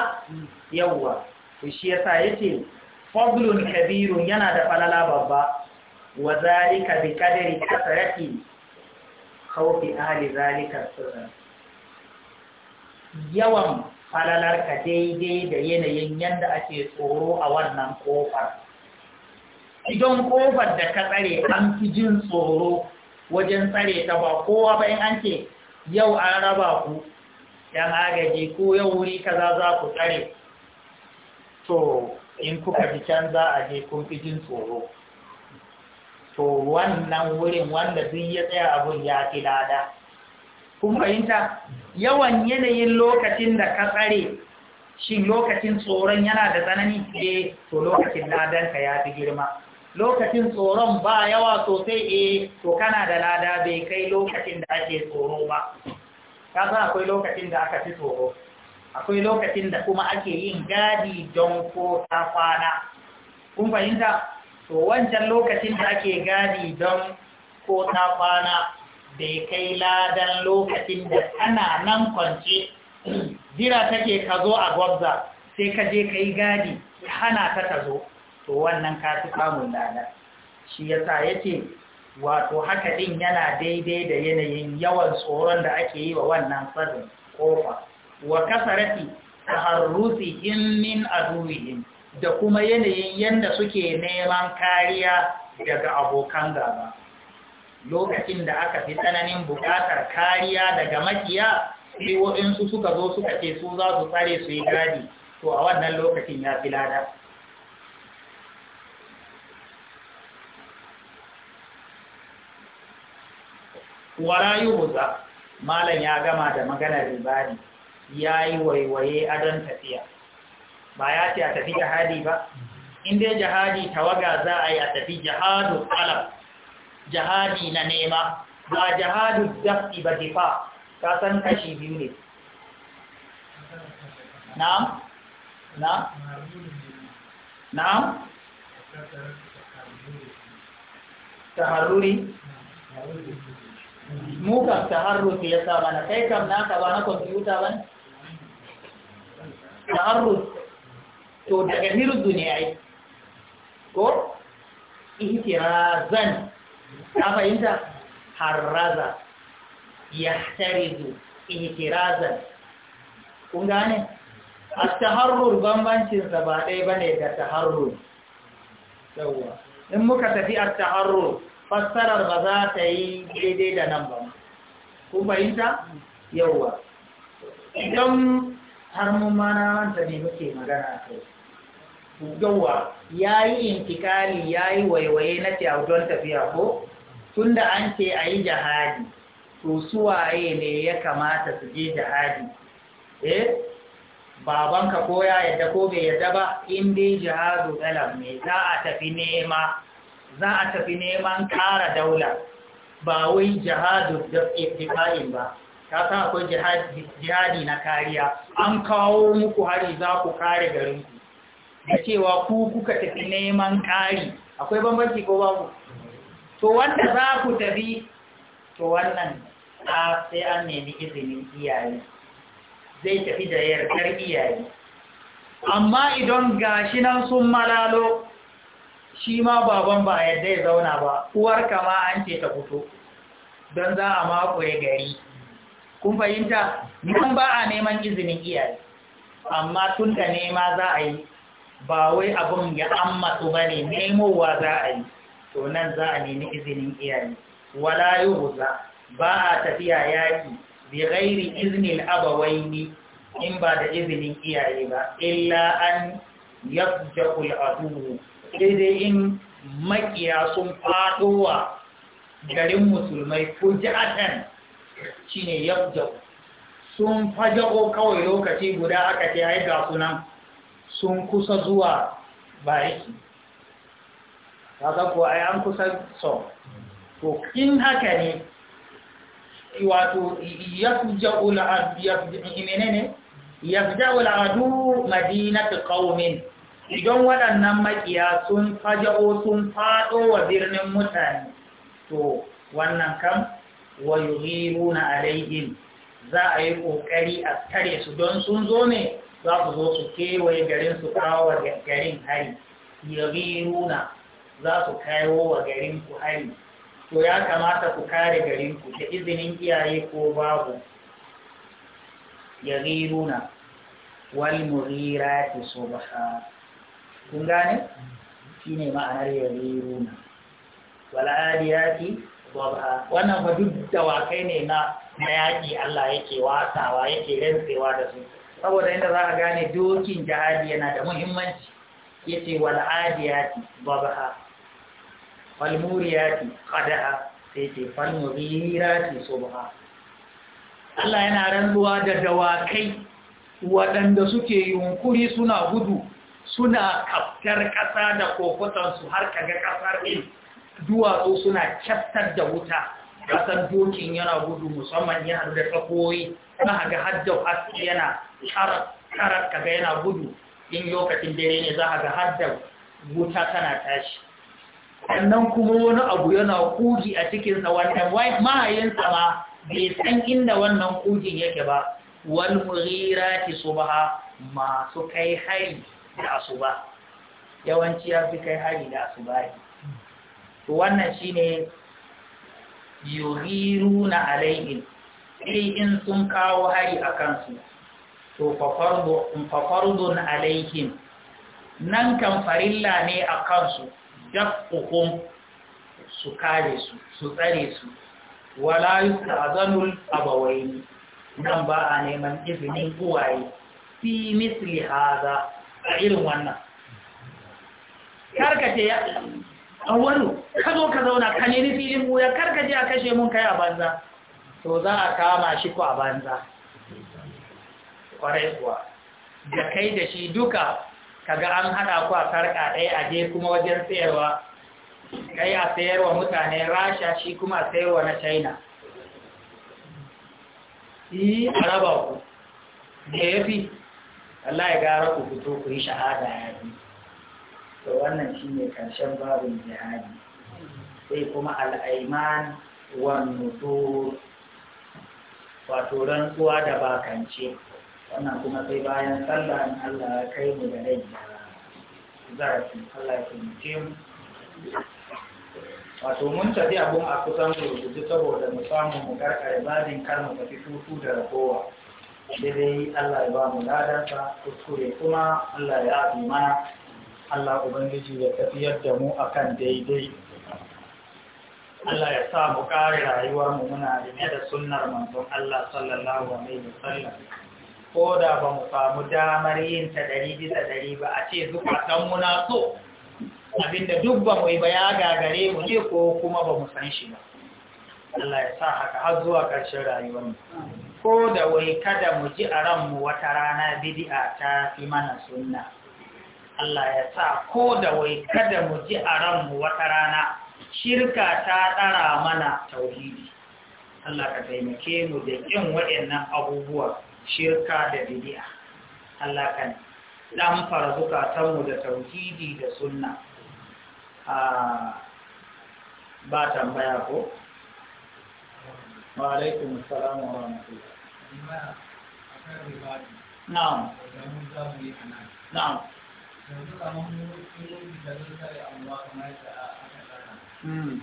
yawwa to shi yasa yace fadlun kabiru yana da falala babba wa zalika bi qadri kawo fi ahali zalika sirra yawan falalar ka daidai da yanayin yadda ake tsoro a wannan kofar Idan kofar da ka tsare an fi jin tsoro wajen tsare ta ba kowa ba in an ce yau an raba ku ‘yan agaji ko yau wuri kaza za ku tsare. To, in kuka fi can za a je kun fi jin tsoro. To, wannan wurin wanda duk ya tsaya abin ya fi lada. Kun fahimta? yawan yanayin lokacin da ka tsare shi lokacin tsoron yana da tsanani ke eh, to lokacin ladanka ya fi girma lokacin tsoron ba yawa sosai e to kana da lada bai kai lokacin da ake tsoro ba kasa akwai lokacin da aka fi tsoro akwai lokacin da kuma ake yin gadi don ko ta kwana kun fahimta to wancan lokacin da ake gadi don ko ta kwana bai kai ladan lokacin da ana nan kwance jira take ka zo a gwabza sai ka je ka yi gadi hana ta ta zo to wannan ka fi samun lada shi ya ce wato haka din yana daidai da yanayin yawan tsoron da ake yi wa wannan tsarin kofa wa kasarati harrufi innin a duwihin da kuma yanayin yadda suke neman kariya daga abokan gaba lokacin da aka fi tsananin buƙatar kariya daga makiya sai waɗansu suka zo suka ce su za su tsare su yi gadi to a wannan lokacin ya fi lada warayu huza malam ya gama da maganar ribani ya yi waiwaye adon tafiya ba ya ce a tafi jihadi ba inda jihadi tawaga za a yi a tafi jihadu alam jihadi na nema ba jihadu dafi ba difa ta san kashi biyu ne na na na taharuri muka taharrufi ya sa mana kai kam naka ba na kwamfuta ba ne taharruf to daga hirzu ne ai ko ihtirazan ta fahimta harraza yahtarizu ihtirazan kun gane at-taharrur bambancin ɗaya ba ne da taharrur yawwa in muka tafi at-taharrur fassarar ba za ta yi daidai da nan ba kun fahimta yawwa idan har mun mana wanta ne muke magana a kai yawa ya yi intikali ya yi waiwaye na don tafiya ko tun da an ce a yi jihadi to su waye ne ya kamata su je jihadi eh babanka ko ya yadda ko bai yadda ba in dai jihadu galam ne za a tafi nema za a tafi neman kara daula ba wai jihadu da iftifa'in ba ta sa akwai jihadi na kariya an kawo muku hari za ku kare garinku da cewa ku kuka tafi neman ƙari akwai bambanci ko babu to wanda za ku tafi to wannan a sai an nemi izinin iyaye zai tafi da yardar iyaye amma idan gashi nan sun malalo shi ma baban ba yadda ya zauna ba uwar kama an ce ta fito don za a ya gari kun fahimta nan ba a neman izinin iyaye amma tun da nema za a yi ba wai abin ya ammatu ba ne nemowa za a yi to nan za a nemi izinin iyaye wala yi ba a tafiya yaƙi bi izinin abawai ne. in ba da izinin iyaye ba illa an ya yafjaul adu dai in makiya sun fadowa garin musulmai ne ya yafjau sun fajago kawai lokaci guda aka ce ai ga sunan sun kusa zuwa ba kaga ko ai an kusa so to in haka ne wato yafja'u al-menene yafja'u adu idan waɗannan maƙiya sun faja'o sun fado wa birnin mutane to wannan kam wa yughiruna alaihim za a yi ƙoƙari a tare su don sun zo ne za su zo su kewaye garin su kawo wa garin hari nuna za su kawo wa garin ku hari to ya kamata ku kare garin ku da izinin iyaye ko babu nuna wal mughirati subha kun gane shine ma'anar yariruna wal adiyati subha wannan fa duk dawakai ne na yaƙi Allah yake wasawa yake rantsewa da su saboda inda za a gane dokin jihadi yana da muhimmanci ya ce wal'adiyati ce kada ha sai ce ba ha Allah yana rantsuwa da dawakai waɗanda suke yunkuri suna gudu suna kaftar ƙasa da kokotansu har kaga ƙasar ɗin duwatsu suna kyaftar da wuta kasar dokin yana gudu musamman ya haɗu da tsakoyi na ga haddau haske yana karar kaga yana gudu in lokacin dare ne za a ga haddau wuta tana tashi sannan kuma wani abu yana kugi a cikinsa wanda mahayinsa ma bai san inda wannan kugin yake ba wani wal mughirati subha masu kai hari da asuba yawanci ya fi kai hari da asuba to wannan shine na na sai in sun kawo hari a kansu to na alaihim nan kan farilla ne a kansu ukun su kare su su tsare su wala zanul abawaini nan ba a neman izinin uwaye fi misli haza a irin wannan karkace awwalu ka zo ka zauna ka nemi filin wuya kar ka je a kashe mun kai a banza to za a kama shi ko a banza kwarai kuwa da kai da shi duka Ka ga an hada ku a sarka ɗaya a je kuma wajen sayarwa kai a sayarwa mutane rasha shi kuma a sayarwa na china yi a raba ku da ya fi Allah ya gara ku fito ku yi shahada ya yi to wannan shi ne karshen babin jihadi sai kuma al'aiman wan wato rantsuwa da bakance wannan kuma sai bayan sallah in Allah ya kai mu da rai da Allah ya wato mun tafi abun a kusan gurgudu saboda mu samu mu karkare babin kar mu tafi tutu da ragowa sai dai Allah ya ba mu ladarsa kuskure kuma Allah ya abi mana Allah Ubangiji ya tafiyar da mu akan daidai Allah ya sa mu kare rayuwar mu muna rime da sunnar manzon Allah sallallahu alaihi wasallam ko da ba mu samu damar yin ta dari bisa dari ba a ce zukatan mu so abinda duk ba mu yi ba ya gagare mu ne ko kuma ba mu san shi ba Allah ya sa haka har zuwa ƙarshen rayuwar mu ko da wai kada mu ji a ranmu wata rana bidi'a ta fi mana sunna Allah ya sa ko da wai kada mu ji a ranmu wata rana shirka ta ɗara mana tauhidi Allah ka taimake mu da ƙin waɗannan abubuwa shirka da bidiya Allah ka ɗamfara zukatanmu da tauhidi da sunna ba tambaya ko? wa alaikum salamu wa rahmatullah na'am na'am Hmm.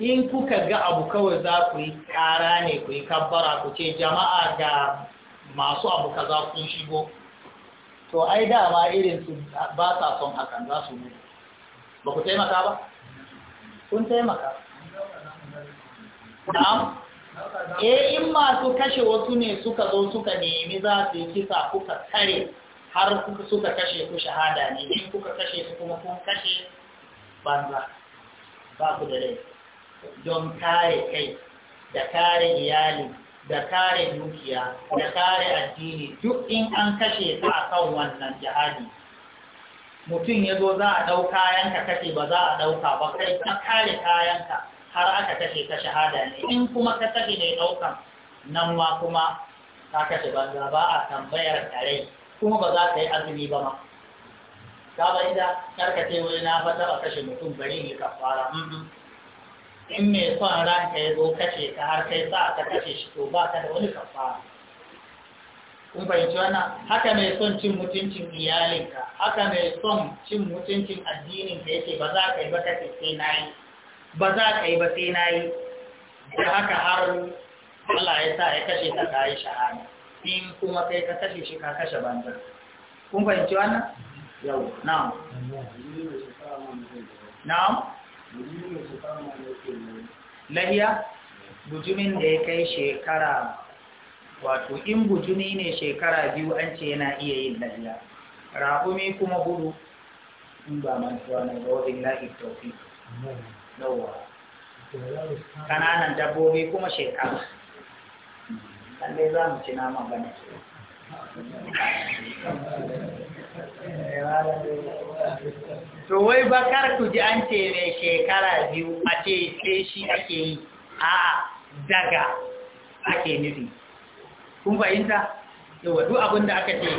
in kuka ga abu kawai za ku yi kara ne ku yi kabbara ku ce jama'a ga masu abu kaza kun shigo to ai dama irin su ba sa son hakan za su mutu ba ku taimaka ba kun taimaka na'am eh in masu kashe wasu ne suka zo suka nemi za su yi kisa kuka tare har suka kashe ku shahada ne in kuka kashe su kuma kun kashe banza ba ku da rai don kare kai da kare iyali da kare dukiya da kare addini duk in an kashe ka a kan wannan jihadi mutum ya zo za a ɗau kayanka kashe ba za a ɗauka ba kai ka kare kayanka har aka kashe ka shahada ne in kuma ka sake mai ɗaukan nan ma kuma ka kashe banza ba a tambayar tare, kuma ba za ka yi azumi ba ma ka ba inda karkace wani na ba taɓa kashe mutum bari ne ka fara in mai son ranka ya zo kashe ka har kai sa ka kashe shi to ba ka da wani fara kun fahimci wannan haka mai son cin mutuncin iyalinka haka mai son cin mutuncin addininka yake ba za ka yi ba ka sai na yi ba za ka yi ba sai na yi da haka har Allah ya sa ya kashe ta kayi shahada in kuma kai ka kashe shi ka kashe banza kun fahimci wannan yau na'am na'am lahiya bujumin da ya kai shekara wato in bujumi ne shekara biyu an ce yana iya yin lahiya raƙumi kuma hudu in ba mantuwa na ga wajen taufi kananan dabbobi kuma shekara lalle za mu ci nama ba ne to wai bakar ku ji an ce mai shekara biyu a ce sai shi ake yi a daga ake nufi kun fahimta yawa duk abin da aka ce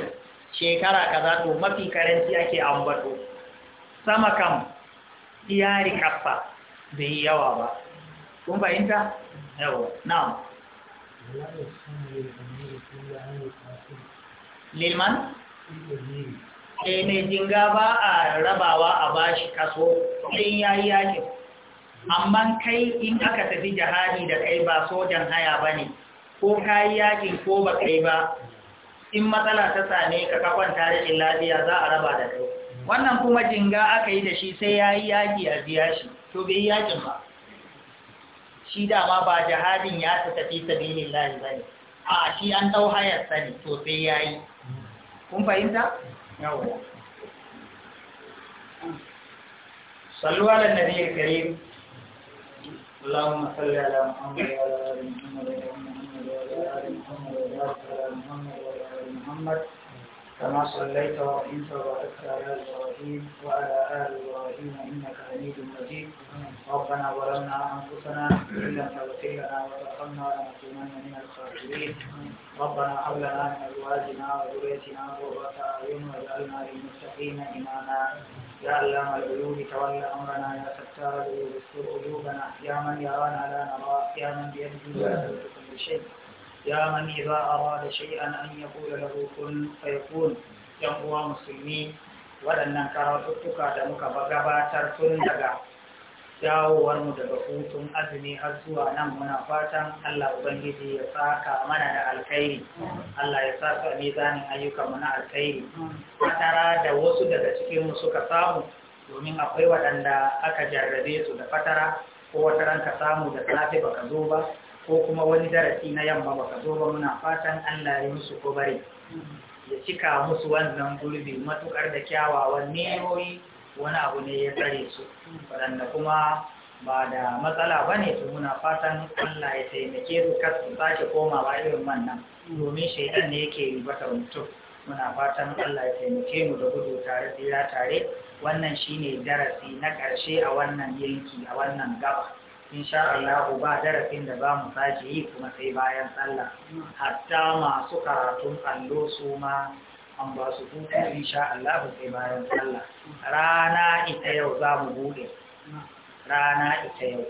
shekara ka za to mafi karanci ake ambato sama kam iyari kafa bai yawa ba kun fahimta yawa na'am lilman eh mai jinga ba a rabawa a bashi kaso sai yayi yakin amma kai in aka tafi jihadi da kai ba sojan haya ba ne ko yi yakin ko ba kai ba in matsala ta same ka tare tarihin lafiya za a raba da kai wannan kuma jinga aka yi da shi sai ya yi yaki a biya shi to bai yakin ba shi dama ba jihadin ya ta tafi sabilin lahi ba ne a shi an ɗau hayar sani to sai ya yi kun fahimta? yawon salluwa da ala Muhammad wa ala على محمد وعلى ال محمد Muhammad wa ala وعلى ال محمد وعلى ال Muhammad كما صليت وأنت وباركت على إبراهيم وعلى آل إبراهيم إنك حميد مجيد ربنا ظلمنا أنفسنا إن لم تغفر لنا وترحمنا لنكونن من الخاسرين ربنا هب لنا من أزواجنا وذريتنا قرة أعين واجعلنا للمتقين إماما يا علام العيوب تولى أمرنا يا ستار العيوب استر عيوبنا يا من يرانا لا نراه يا من بيده كل شيء يا من إذا أراد شيئا أن يقول له كن فيكون ينقوى مسلمين waɗannan karatuttuka da muka gabatar tun daga mu daga hutun azumi har zuwa nan muna fatan Allah Ubangiji ya saka mana da alkhairi Allah ya saka mizanin ayyukanmu na alkhairi fatara da wasu daga cikinmu suka samu domin akwai waɗanda aka jarrabe su da fatara ko wata ranka samu da safe baka zo ba ko kuma wani darasi na yamma baka zo ba muna fatan Allah ya musu kubari ya cika musu wannan gurbi matukar da kyawawan nemoyi wani abu ne ya tsare su waɗanda kuma ba da matsala ba ne su muna fatan Allah ya taimake su kar su sake komawa irin wannan domin shaidan ne yake ribatar mutum muna fatan Allah ya taimake mu da gudu tare tsira tare wannan shine darasi na ƙarshe a wannan yanki a wannan gaba insha Allah ba darasin da za mu sake yi kuma sai bayan sallah hatta masu karatun allo su ma an ba su hutu insha Allah sai bayan sallah rana ita yau za mu bude rana ita yau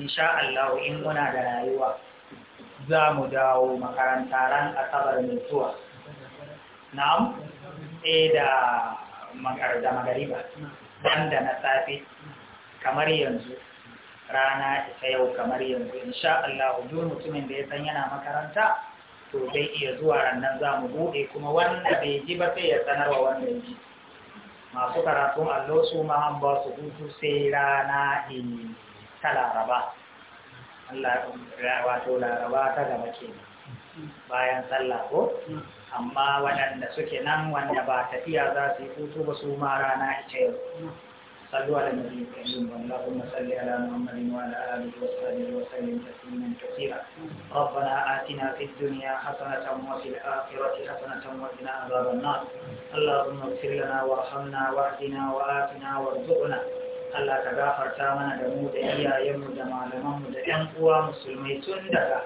insha Allah in muna da rayuwa za mu dawo makaranta ran asabar mai zuwa na'am eh da magariba dan da na safe kamar yanzu rana ita yau kamar yanzu insha Allah duk mutumin da ya san yana makaranta to zai iya zuwa rannan za mu buɗe kuma wanda bai ji ba sai ya sanar wa wanda ya ji masu karatun allo su ma an ba su hutu sai rana ta laraba wato laraba ta gaba ke bayan sallah ko amma waɗanda suke nan wanda ba tafiya za su yi hutu ba su ma rana ita yau صلوا على النبي الكريم اللهم صل على محمد وعلى اله وصحبه وسلم تسليما كثيرا ربنا اتنا في الدنيا حسنه وفي الاخره حسنه وقنا عذاب النار اللهم اغفر لنا وارحمنا واهدنا واتنا وارزقنا Allah ka gafarta mana da mu da iyayenmu da malamanmu da ‘yan uwa musulmai tun daga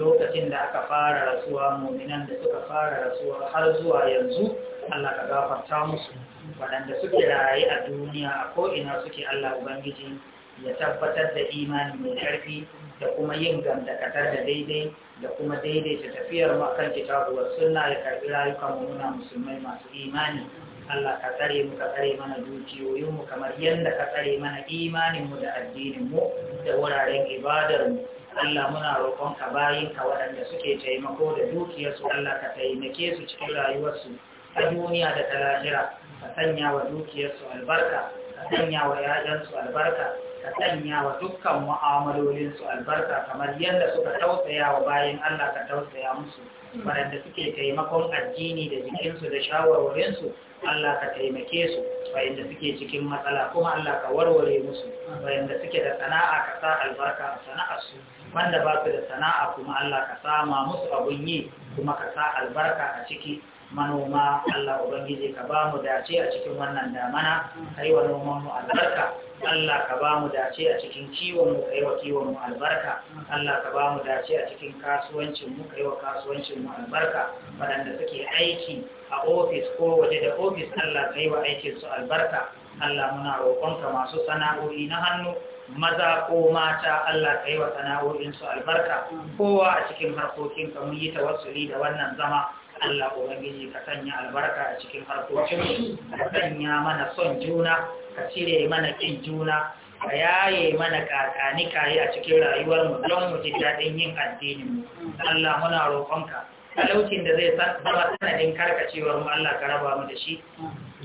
lokacin da aka fara rasuwa muminan da suka fara rasuwa har zuwa yanzu Allah ka gafarta musu waɗanda suke raye a duniya a ko'ina suke Allah Ubangiji ya tabbatar da imani mai ƙarfi da kuma yin gandakatar da daidai da kuma daidaita tafiyar makan kitabuwar sunna ya karɓi rayukan muna musulmai masu imani Allah ka tsare mu ka tsare mana dukiyoyinmu kamar yadda ka tsare mana imaninmu da addininmu da wuraren ibadarmu Allah muna roƙonka bayinka waɗanda suke taimako da dukiyarsu Allah ka taimake su cikin rayuwarsu A duniya da ta lahira ka sanya wa dukiyarsu albarka ka sanya wa yayansu albarka ka sanya wa dukkan mu'amalolinsu albarka kamar yadda suka tausaya wa bayan Allah ka tausaya musu waɗanda suke taimakon addini da jikinsu da shawarwarinsu Allah ka taimake su waɗanda suke cikin matsala kuma Allah ka warware musu waɗanda suke da sana'a ka sa albarka a sana'arsu wanda ba su da sana'a kuma Allah ka sama musu abun yi kuma ka sa albarka a ciki manoma Allah Ubangiji ka ba mu dace a cikin wannan damana ka wa noman mu albarka Allah ka ba mu dace a cikin kiwon mu ka wa kiwon mu albarka Allah ka ba mu dace a cikin kasuwancin mu ka yi wa kasuwancin mu albarka waɗanda suke aiki a ofis ko waje da ofis Allah ka wa aikin su albarka Allah muna roƙonka masu sana'o'i na hannu maza ko mata Allah ka yi wa sana'o'insu albarka kowa a cikin harkokinka mun yi tawassuli da wannan zama Allah Ubangiji ka sanya albarka a cikin harkokinmu, ka sanya mana son juna, ka cire mana ƙin juna, ka yaye mana kakani kayi a cikin rayuwarmu don mu ji daɗin yin addininmu. Allah muna roƙonka, talaucin da zai zama sanadin karkacewar mu Allah ka raba mu da shi,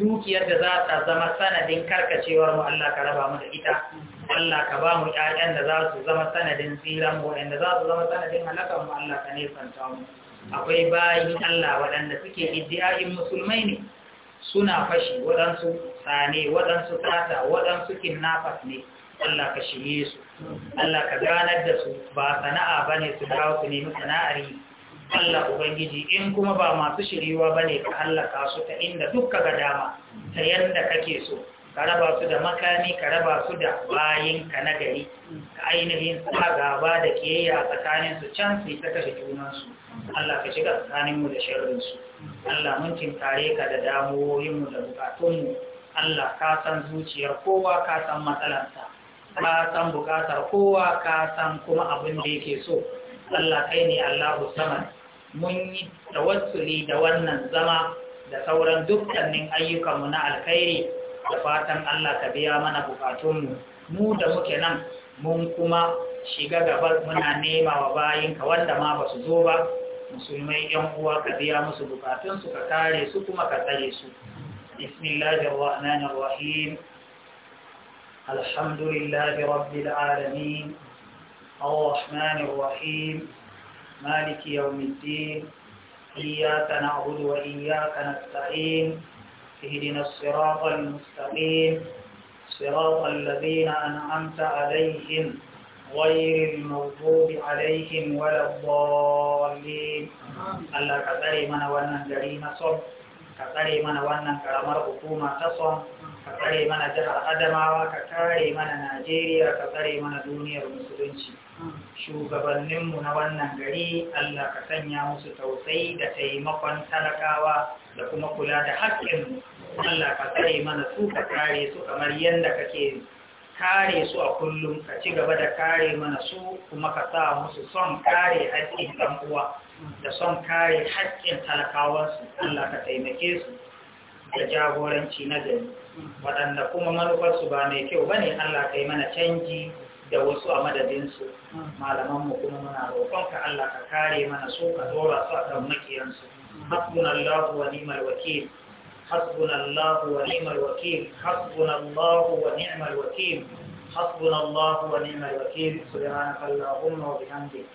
dukiyar da za ta zama sanadin karkacewar mu Allah ka raba mu da ita. Allah ka ba mu ‘ya'yan da za su zama sanadin tsiran mu, da za su zama sanadin halakar mu Allah ka nesanta mu. akwai bayin Allah waɗanda suke iddiyayin musulmai ne suna fashi waɗansu tsane waɗansu tata waɗansu kinnafas ne Allah ka shirye su Allah ka ganar da su ba sana'a bane su dawo su nemi sana'ar yi Allah Ubangiji in kuma ba masu shiriwa bane ka hallaka su ta inda ka ga dama ta yadda kake so ka raba su da makami ka raba su da bayin ka na gari ka ainihin sa gaba da ke yi a tsakanin su can su yi ta kashe junansu Allah ka shiga tsakaninmu da sharrinsu Allah mun tare ka da damuwoyinmu da bukatunmu Allah ka san zuciyar kowa ka san matsalarsa ka san bukatar kowa ka san kuma abin da yake so Allah kai ne Allahu saman mun yi tawassuli da wannan zama da sauran dukkanin ayyukanmu na alkhairi da fatan Allah ka biya mana bukatunmu mu da muke nan mun kuma shiga gaba muna nema wa bayinka wanda ma ba su zo ba musulmai yan uwa ka biya musu bukatunsu ka kare su kuma ka tsare su bismillahir rahmanir rahim alhamdulillahi rabbil alamin arrahmanir rahim maliki yawmiddin iyyaka na'budu wa iyyaka nasta'in اهدنا الصراط المستقيم صراط الذين أنعمت عليهم غير المغضوب عليهم ولا الضالين الله كتري من وانا جرينا صب كتري من وانا كرمر حكومة تصم كتري من جهر أدمع كتري من نيجيريا كتري من دنيا المسلمين shugabanninmu na wannan gari Allah ka sanya musu tausayi da taimakon talakawa da kuma kula da haƙƙin Allah ka tsare mana su ka kare su kamar yadda kake kare su a kullum ka ci gaba da kare mana su kuma ka sa musu son kare haƙƙin ɗan uwa da son kare haƙƙin talakawarsu Allah ka taimake su da jagoranci na gari waɗanda kuma manufarsu ba mai kyau ba ne Allah ka yi mana canji da wasu a madadinsu malamanmu kuma muna roƙonka Allah ka kare mana su ka zora su a kan makiyansu حسبنا الله ونعم الوكيل حسبنا الله ونعم الوكيل حسبنا الله ونعم الوكيل حسبنا الله ونعم الوكيل سبحانك اللهم وبحمدك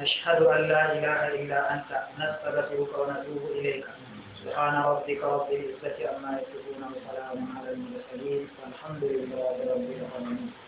نشهد أن لا إله إلا أنت نستغفرك ونتوب إليك سبحان ربك رب العزة عما يصفون وسلام على المرسلين والحمد لله رب العالمين